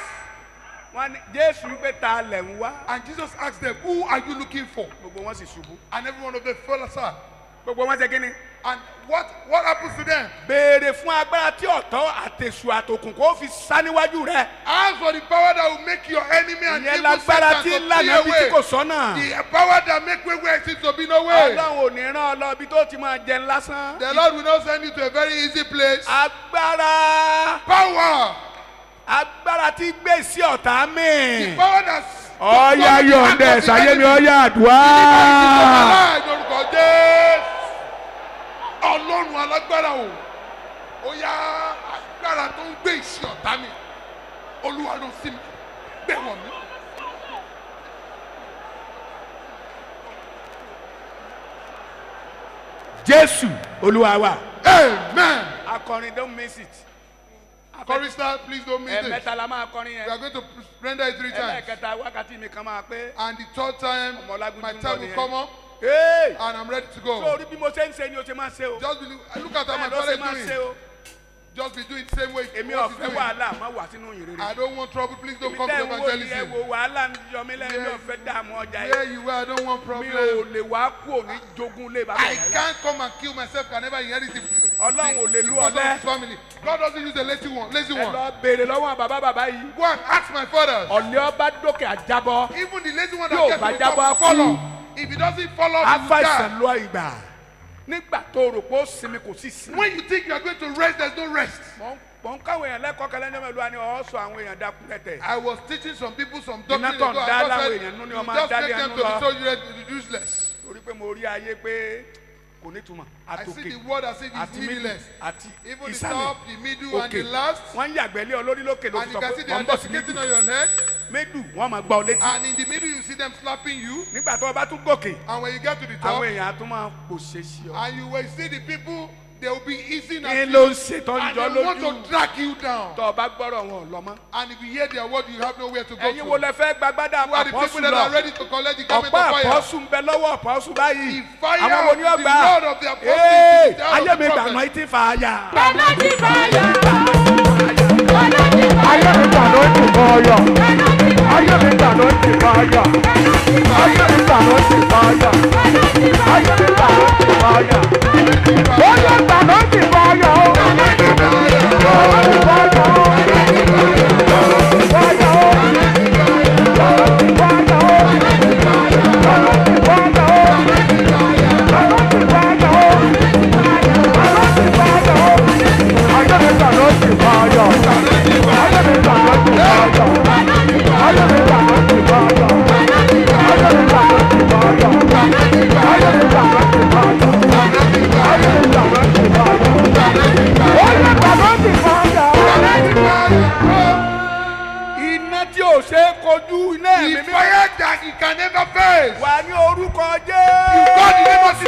wọ́n ní jésù pé ta lẹ̀ ń wá. and Jesus asked them who are you looking for. gbogbo wọn sì ṣubú. and every one of them fell aside. gbogbo wọn ṣe kí ni. and what what happens to them. béèrè fún agbára tí ọ̀tọ́ àtẹ̀sù àtòkùn kò fi sá níwájú rẹ. ask for the power that will make your enemy and evil Satan to flee away. ìyẹn lágbára tí lànà bí tí kò sọ́nà. the power that make way where it seems to be no way. ọlọ́run ò ní rán ọ tó ti máa jẹun lásán. the lord will not send you to a very easy place. agbára. power. agbára tí gbé sí ọ̀tá mi. the power that ọ̀ya yọ̀ǹdẹ̀ ṣàyẹ̀mí ọ̀ya àdúrà. ìdílé ìdílé ọ̀la ìdórúkọ jésù ọlọ́run alágbára o ó yá agbára tó ń gbé ìṣe ọ̀tá mi olúwa ló sí mi gbẹ̀wọ̀n mi. jésù olúwa wa. amen. akọrin don't miss it. chorister please don't miss it. we are going to render it three times. and the third time my time will come up. Hey. And I'm ready to go. So bí mo ṣe ń ṣe ni o ṣe máa ṣe o. Just be, uh, look at how my father is doing. Just be doing the same way. Èmi ọ̀fẹ́ wàhálà máa wà sínú ìrere. I don't want trouble please don't come to evangelism. Èmi tẹ́ ń wo ìyẹ̀wò wàhálà ń yọ mí lẹ́yìn mi ọ̀fẹ́ dààmú ọjà yìí. Where you were I don't want problem. Mi ò lè wá kú òní jogún lé bàbá yàrá. I can't come and kill myself can never inherit the Ọlọ́run ò lè lu ọ̀lẹ. God doesn't use a lazy one. Lazy one. Ẹ lọ béèrè lọ́wọ́ bàbá bàbá yìí. Go and ask my father. Ọ̀lẹ́ ọba dókè àjábọ̀. Even the lazy one that gets to the top follow if it doesn't follow the die. afa ìsàlùwà ìgbà. nígbà tó rò pé ó sinmi kò sí sinmi. when you think you are going to rest there is no rest. mọ̀ ń káwọn èèyàn lẹ́kọ̀ọ́ kẹlẹ́ ní ọmọ ìlú wa ni ọ̀ sọ àwọn èèyàn dákú lẹ́tẹ̀. I was teaching some people some doctrine ago I just said you just take them to be so useless. torí pé mo rí ayé pé kò ní túmọ̀ àtòkè àti mílí àti ìsàlẹ̀ òkè wọ́n ń yàgbẹ́ lé ọ lókè ló ti wọ́n bọ̀ sí mídù mídù wọ́n máa gbá ọ létí. and the middle you see you. nígbà tó o bá tún gòkè. and when you get to the top. àwọn èèyàn á tún máa pòṣe sí ọ. and you will see they will be easing at you and they want to drag you down. and if you hear their word you have nowhere to go to. ẹ̀yin wo lẹ fẹ́ gbàgbádà apọ́sù who are the people that are ready to collect the government of fire. ọ̀pá the fire àwọn wo ni wọ́n gbà. the word of the apostles is the word of the prophet. ayé mi ti fà ayé mi gbà ló ń tì bọ́ ọyọ ayé mi gbà ló ń tì bọ́ ọyọ ayé mi gbà ló ń tì bọ́ ọyọ ayé mi gbà ló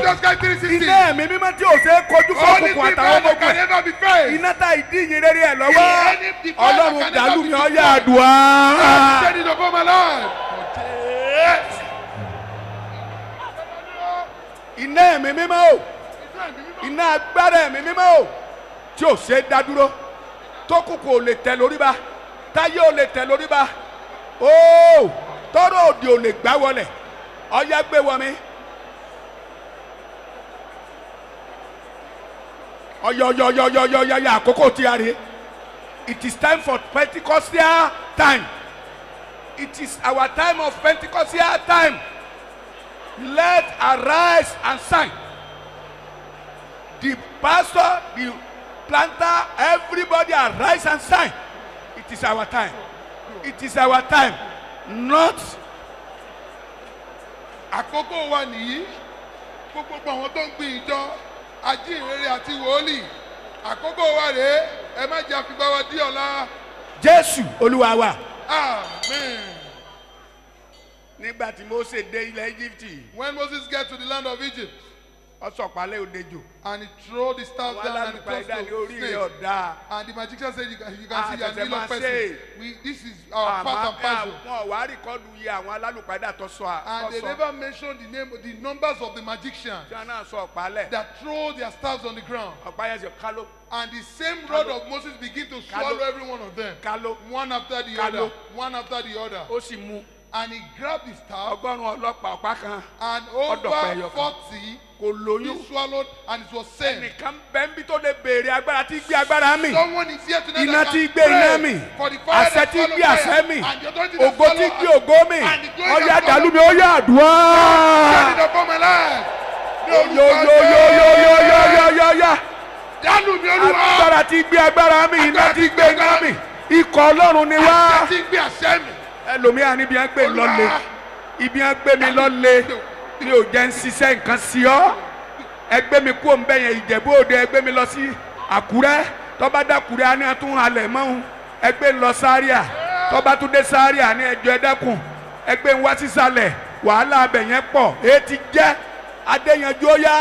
Jesus Christ three sixty. iná ẹ̀mí mímọ́ tí o ṣe é kojú fún òkùnkùn àtàwọn ọmọ iná ta ìdí ìyìn rere ẹ̀ lọ́wọ́ ọlọ́run dàlú mi ọ̀yà àdùá. iná ẹ̀mí mímọ́ o iná agbára ẹ̀mí mímọ́ o tí o ṣe é dá dúró tó ò lè tẹ̀ lórí ba táyé ò lè tẹ̀ lórí ba ó òdì ò lè gbá wọlé ọyá gbé wọmi. ọyọyọyọyọyọyọ àkókò tí a rè it is time for pentecostal time it is our time of pentecostal time let arise and sign the pastor the planter everybody arise and sign it is our time it is our time not àkókò wa nìyí gbogbo àwọn tó ń gbin ìjọ ajínrere àti wòlíì àkókò wa rèé ẹ má jẹ́ àfigbá wa dí ọ̀la. jésù olúwa wa. amen. nígbà tí mose dé ilẹ̀ egypt. when moses get to the land of egypt ọsọpalẹ odejo. and throw the staff down and close to snake and the magician said you can, you can ah, see your knee person we this is our part and parcel. wọn wàá rìkọ́dù iye àwọn alálùpàdà tó sọ. and they never mention the name the numbers of the magician. tí wọn náà sọ ọ̀pálẹ̀. that throw their staffs on the ground. ọ̀pálẹ̀ ṣe kálọ́. and the same rod of Moses begin to swallow Kalo. every one of them. kálọ́ one after the Kalo. other one after the other. ó sì mú and he grabbed his towel ọgọ́rùn-ún ọlọ́pàá ọ̀pá kan. and over forty kò lóyún. he swallowed and it was saved. ẹnìkan bẹ́ẹ̀ bí tó lè béèrè agbára tí gbé agbára mi. someone is here tonight iná tí gbé iná mi. àṣẹ tí gbé àṣẹ mi. ògo tí gbé ògo mi. ọyá dàlú mi ó yà àdúrà. yóyóyóyóyóyóyóyóyóyóyá. dàlú mi olúwa. agbára tí gbé agbára mi iná tí gbé iná mi. ikọ̀ ọlọ́run ni wá. àṣẹ tí gbé àṣẹ ẹlòmíà níbi à gbé lọ́lẹ̀ ibi à gbé mi lọ́lẹ̀ mi ò jẹ́ ń ṣiṣẹ́ nǹkan sí ọ́ ẹgbẹ́ mi kú òǹbẹ yẹn Ìjẹ̀bú Òde ẹgbẹ́ mi lọ sí Àkúrẹ́ tọ́ba dàkúrẹ́ á ní àtún halẹ̀ mọ́hún ẹgbẹ́ lọ sáríà tọ́ba tún dé sáríà ní ẹjọ́ ẹ̀dẹ́kùn ẹgbẹ́ ń wá sísàlẹ̀ wàhálà abẹ̀yẹn pọ̀ èyí ti jẹ́ adéyanjú ó yá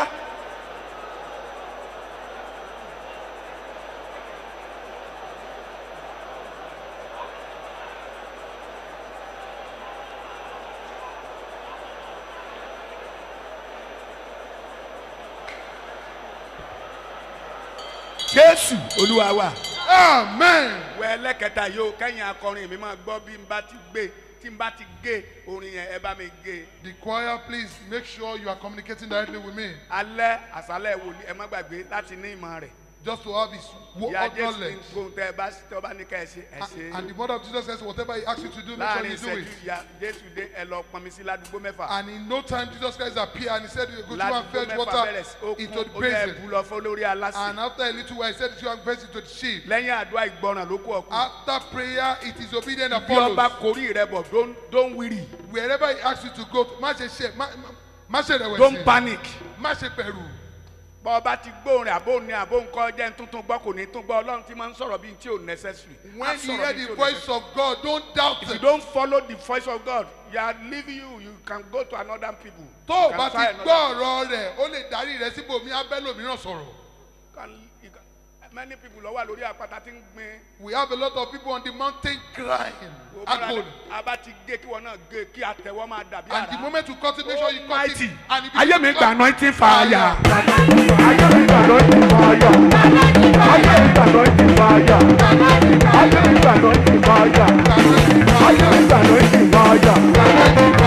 jésù olúwa wa. amen. wẹ ẹlẹ́kẹta yóò kẹ́yìn akọrin mi máa gbọ́ bí n bá ti gbé tí n bá ti gé orin yẹn ẹ bá mi gé. the choir please make sure you are communicating directly with me. alẹ́ àṣálẹ̀ wòlíì ẹ má gbàgbé láti ní ìmọ̀ rẹ̀ just to have his knowledge. Go and the word of Jesus says whatever he asks you to do make sure you do it. and in no time Jesus Christ appeared and he said go to and fetch water into the basin. and after a little while he said go and fetch it to the sheep. after prayer it is obedient and follows. bí ọba korí wherever he asks you to go má ṣe don't panic bọ́ ọba ti gbóòrìn àbó ní àbó nǹkan jẹ́ tuntun gbọ́ kò ní tún gbọ́ ọlọ́run ti máa ń sọ̀rọ̀ bíi tí ò necessary. when you hear the voice of God don't doubt it. if you don't follow the voice of God you are leaving you you can go to another people. tó o bá ti gbọ́ ọ̀rọ̀ rẹ̀ ó lè darí rẹ síbòmí abẹ́lòmíràn sọ̀rọ̀ many people lọ wà lórí àpáta tí ń gbin. we have a lot of people on the mountain crying agolo. a bá ti gé kí wọn náà gé kí àtẹwọ́ máa dàbí ara. and the moment you cut it make sure you cut Mighty. it. ayé mi gba anointing fire. ayé mi gba anointing fire. ayé mi gba anointing fire. ayé mi gba anointing fire. ayé mi gba anointing fire.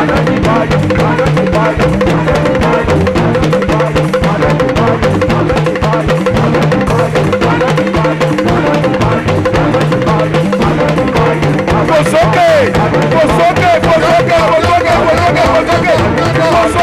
I fire, fire, fire, fire.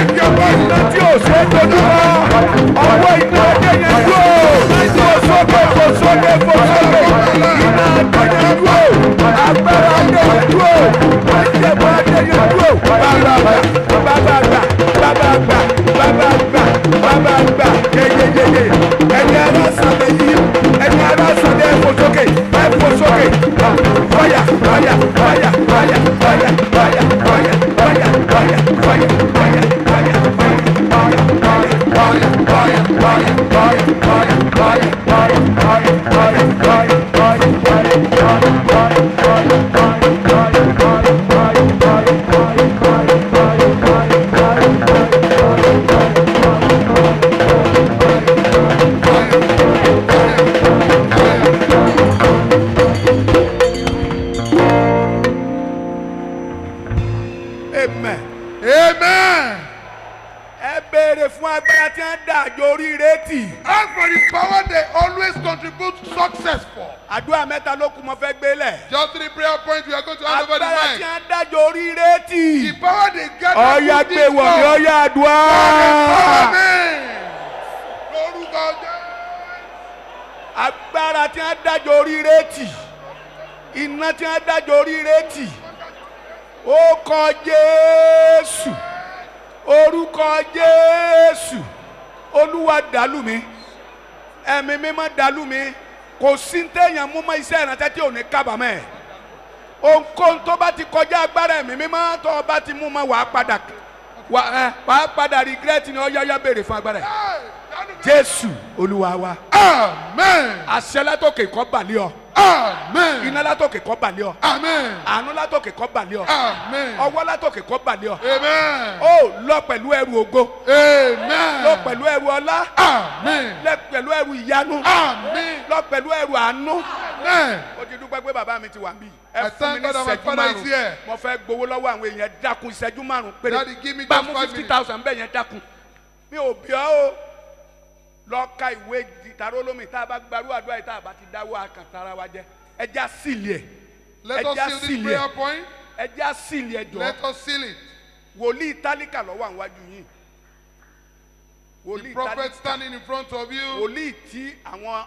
Ẹ̀kí ọwọ́ iná tí ò ṣe é dojú mọ́. Ọwọ́ iná ayé yẹn dúró. Fò sókè fò sókè fò sókè. Iná ayé yẹn dúró. Agbára ayé yẹn dúró. Ìjẹ̀bú ayé yẹn dúró. Bàbá gbà bàbá gbà bàbá gbà bàbá gbà bàbá gbà yeyeyeye. Ẹni ara sàlẹ̀ yìí. Ẹni ara sàlẹ̀ fò sókè. Ẹ fò sókè. Fire fire fire fire fire fire fire fire fire fire. fire, fire. kò sí ní téèyàn mú mọ́ iṣẹ́ ìrántí tí ò ní kábàámọ̀ ẹ̀ ohunkóhun tó bá ti kọjá agbára ẹ̀mí mímọ́ tó o bá ti mú mọ́ wàá padà wàá padà regret ni ọ̀yáyá béèrè fún agbára ẹ̀ jésù olúwa wa àmín àṣẹ látòkè kó bà lé amen. iná látòkè kó balẹ̀ ọ. amen. àánú látòkè kó balẹ̀ ọ. amen. ọwọ́ látòkè kó balẹ̀ ọ. amen. ó lọ pẹ̀lú ẹrù ògo. amen. lọ pẹ̀lú ẹrù ọlá. amen. lọ pẹ̀lú ẹrù ìyanu. amen. lọ pẹ̀lú ẹrù àánú. amen. o ti dúpẹ́ pé bàbá mi ti wà níbí. ẹ fún mi ní ìṣẹ́jú márùn-ún mo fẹ́ gbowó lọ́wọ́ àwọn èèyàn dákun ìṣẹ́jú márùn-ún péré bá fifty thousand bẹ́ẹ̀ yẹn dákun mi ò bí ọ o lọ́ka ìwé tàró lómi tá a bá gbarú àdúrà yìí tá a bá ti dáwọ́ àkàtàrà wa jẹ ẹja sílì ẹ ẹja sílì ẹ ẹja sílì ẹ jọ wòlíì tálíkà lọ́wọ́ àwọn yìí wòlíì tálíkà the prophet standing in front of you wòlíì tí àwọn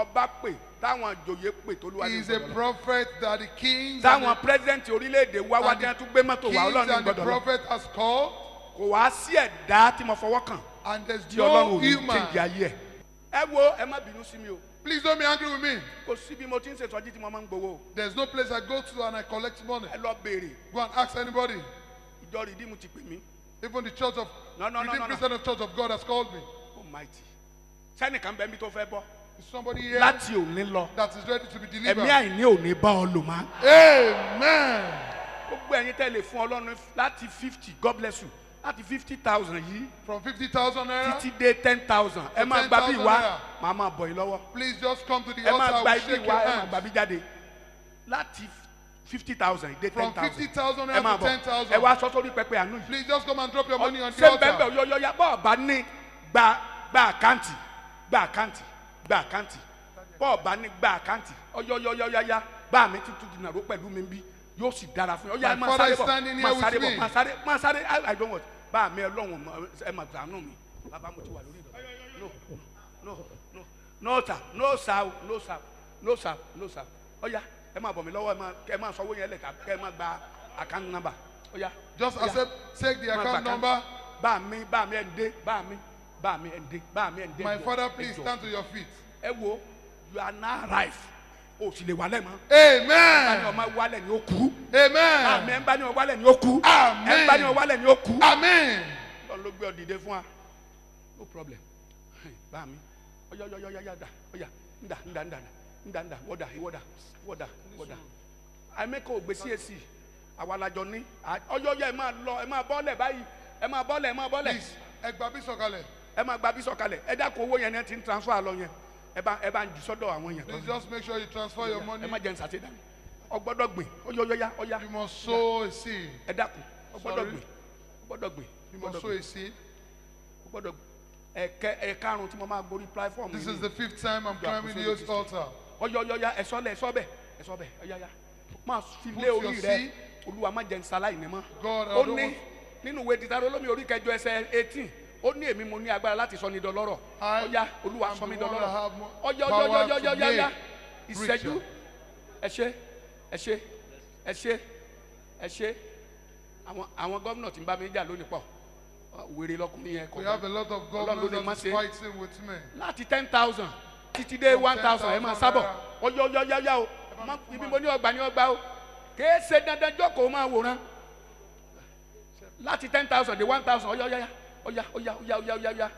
ọba pè táwọn ìjòyè pè tó lùwàdí. he is a prophet that the kings. táwọn president orílẹ̀-èdè wá wá díẹ̀ tún gbé mọ́tò wá ọlọ́run gbọ́dọ̀ kò wá sí ẹ̀dá tí mo fọwọ́ kàn and there's no human. ẹ wo ẹ má bínú sí mi o. Please don't be angry with me. Kò síbi mo ti ń ṣètọ́jú tí mo máa ń gbowó. There no place I go to and I collect money. Ẹ lọ béèrè. Go and ask anybody. Ìjọ Rìdíìmù ti pè mí. Even the church of no, no, Redeemed no, no, Christian no. Church of God has called me. Almighty. Sẹ́nìkan bẹ́ẹ̀ mi tó fẹ́ bọ́. Is somebody here? Láti òní lọ. That is ready to be delivered. Ẹ̀mí àìní òní bá ọ lò má. Amen. Gbogbo ẹ̀yin tẹ́ fún Ọlọ́run láti fifty God bless you láti fifty thousand yìí. from fifty thousand naira. títí dé ten thousand. ẹ máa gba bí wá màá máa bọ̀ yìí lọ́wọ́. please just come to the altar I will shake your hand. ẹ máa gba bí wá ẹ máa gba bí jáde. láti fifty thousand dé ten thousand. from fifty thousand naira to ten thousand. ẹ wá sọ sórí pẹpẹ àánú yìí. please just come and drop your money on the altar. ṣé bẹ́ẹ̀ bẹ́ẹ̀ yọ̀yọ̀ bọ́ọ̀ bá ní gba gba àkáǹtì gba àkáǹtì gba àkáǹtì bọ́ọ̀ bá ní gba àkáǹtì ọ̀yọ̀yọ̀yọ̀yá bá mi tuntun dìnnà ró pẹ̀lú mi bí yóò sì dára fún yọ. ọ̀yà máa sáré bọ̀ máa sáré bọ̀ máa sáré máa sáré i don't want bá mi ọlọ́run ẹ mà sànú mi bàbá mo ti wà lórí ìdọ̀tí no no no no sir no sir no sir no sir no sir ọ̀ya ẹ máa bọ̀ mí lọ́wọ́ ẹ máa kẹ́ ẹ máa sanwó yẹn lẹ́ka ẹ máa gba account number ọ̀ya. just accept take the account number. bá mi bá mi ẹ̀ ń dé bá mi bá mi ẹ̀ ń dé bá mi ẹ̀ ń dé. my father please stand to your feet. ẹ wo you are now arrived. o sì lè wálẹ̀ mọ́. amen. báyọ̀ ọmọ wálẹ̀ ni ó kú. amen. amen bá ní wálẹ̀ ni ó kú. amen. bá ní wálẹ̀ ni ó kú. amen. lọ́n ló gbé ọ no problem bá mi ọyọ ọyọ ọyọ da ọyà nda nda nda nda nda wọ́dà wọ́dà wọ́dà wọ́dà àmẹ́kọ̀ ògbésí èsì ní ọyọ ọyọ máa lọ máa báyìí máa máa gbà bí sọ̀kalẹ̀. máa gbà bí sọ̀kalẹ̀ dákun owó yẹn ni ẹ bá ẹ bá ń jù àwọn èèyàn. please just make sure you transfer your money. ẹ má jẹ n sàtẹ́dà o gbọ́dọ̀ gbìn ó yọ ya ó you must sow a seed. ẹ dákun o gbìn o gbìn. you must sow a seed. o gbọ́dọ̀ ẹ̀kẹ́ ẹ̀karùn-ún tí mo máa gorí platform. this is the fifth time i'm climbing the host altar. ó yọ yọ ya ẹ̀sọ́ lẹ̀ ẹ̀sọ́ bẹ̀ ẹ̀sọ́ bẹ̀ ó yá ya máa fi lé orí rẹ olúwa má jẹ n sàlàyé mọ́. God I don't want. ó ní nínú ìwé titaro lómi orí kẹjọ ẹsẹ̀ eighteen ó ní èmi mo ní agbára láti sọ ní dọlọ́rọ̀ ọ̀yá olúwa sọ mí dọlọ́rọ̀ ọ̀yá ọ̀yá ọ̀yá ọ̀yá ọ̀yá ìṣẹ́jú ẹ ṣé ẹ ṣé àwọn àwọn gómìnà tí ń bá mi jà lónìí pọ̀ wèrè lọkùnrin yẹn kọ Ọlọ́run ló lè ṣe láti ten thousand títí dé one thousand ẹ máa sábọ̀ ọ̀yá ọ̀yá ọ̀yá ọ̀yá o ibi mo ní ọgbà ní ọgbà o kèé ṣe dandan jókòó máa wòran láti ten thousand dé one thousand ọ̀yá ọ̀yá ọ̀yá ọ̀yà ọ̀yà ọ̀yà ọ̀yà ọ̀yà ọ̀yà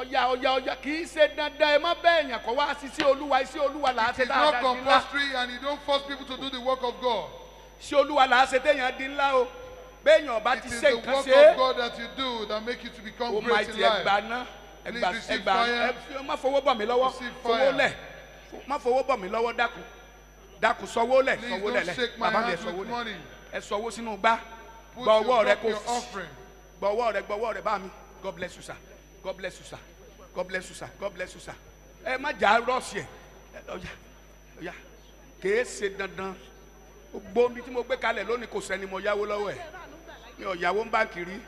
ọ̀yà ọ̀yà ọ̀yà kì í ṣe dandan ẹ má bẹ́ẹ̀ yàn kọ́ wá sí sí olúwa sí olúwa là á ṣe dáadáa ńlá. it is not compulsory and you don't force people to do the work of God. sí olúwa là á ṣe téèyàn di ńlá o béèyàn bá ti ṣe nǹkan ṣe. it is the work of God that you do that make you to become great in life. o fowó bọ̀ mí lọ́wọ́ dákun dákun sọwọ́ lẹ̀ sọwọ́ lẹ̀ bàbá mi ẹ sọwọ́ lẹ̀ ẹ sọwọ́ sínú gbá gbọ́ rẹ kó gbọ́ ọwọ́ rẹ gbọ́ rẹ bá mi. God bless you, sir. God bless you, sir. God bless you, sir. God bless you, sir. Ẹ má jà rọ́ọ̀sì ẹ̀. Ọ̀yà ọ̀yà kèé ṣe dandan. Gbogbo omi tí mo gbé kalẹ̀ lónìí kò sẹ́ni mo yáwó lọ́wọ́ ẹ̀. Mi ò yáwó ń báǹkì rí.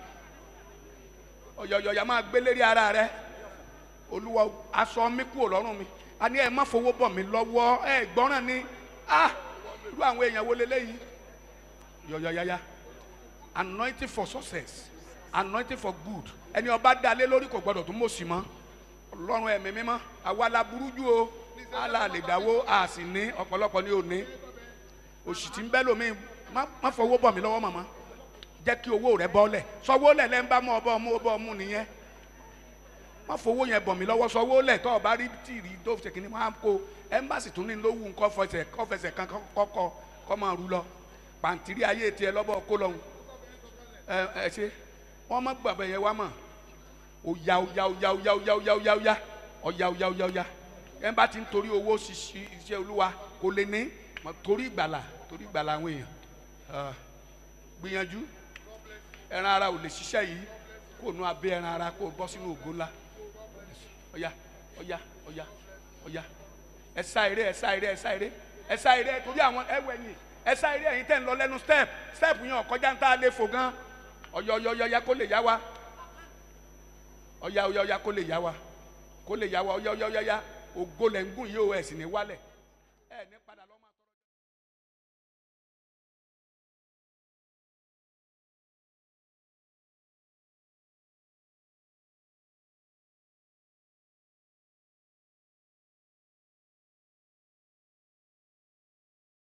Ọ̀yọ̀yọ̀yà máa gbé lérí ara rẹ̀. Olúwa aṣọ mi kúrò lọ́rùn mi. A ní ẹ má fowó bọ̀ mí lọ́wọ́. Ẹ gbọ́ràn ni. Ah! Irú àwọn èèyàn wo leléyìí? Yọ̀yọ̀yàyà. Anointing for success anointing for good ẹni ọba dalé lórí kò gbọdọ̀ tún mọ̀sí mọ́ ọlọ́run ẹ̀mí mímọ́ àwa la burú jù o ala lè dáwó a sì ní ọ̀pọ̀lọpọ̀ ní òní òṣì tí ń bẹ́ lómi má fọwọ́ bọ̀ mí lọ́wọ́ màmá jẹ́ kí owó rẹ bọ́lẹ̀ sọwọ́ lẹ̀ lẹ́ ń bá mọ́ ọbọ̀ mú ọbọ̀ mú nìyẹn má fọwọ́ yẹn bọ̀ mí lọ́wọ́ sọwọ́ lẹ̀ tọ́ ọba rí tìrì tó ṣe kìnnìún máa kó ẹ́mbàsì tún ní lówù nǹkan kọfẹsẹ̀ kan kọ́kọ́ kọ́ máa rú lọ pàǹtírí ayé tiẹ̀ lọ́bọ̀ kó lọ́hùn ẹ ẹ ṣe wọ́n mọ bàbá yẹn wá mọ̀ ọ̀yà ọ̀yà ọ̀yà ọ̀yà ọ̀yà ọ̀yà o ọ̀yà ọ̀yà ọ̀yà ọ̀yà ọ̀yà ẹn bá ti ń torí owó ṣiṣi iṣẹ́ olúwa kò lè ní torí ìgbàlà torí ìgbàlà àwọn èèyàn gbìyànjú ẹran ara ò lè ṣiṣẹ́ yìí kó nu abẹ́ ẹran ara kó bọ́ sínú ògo ńlá ọ̀yà ọ̀yà ọ̀yà ọ̀yà ẹ sá eré ẹ eré ẹ eré ẹ eré torí àwọn ẹwẹ̀ yìí ẹ eré ẹ̀yin tẹ̀ ń lọ lẹ́nu step step yẹn ọ̀kọ́jà ń tá lè fò gan ọ̀yà ọ̀yà ọ̀yà ọ̀yà kó lè yá wa ọ̀yà ọ̀yà ọ̀yà kó lè yá wa kó lè yá wa ọ̀yà ògo lẹ̀ yìí ó ẹ̀ ní wálẹ̀.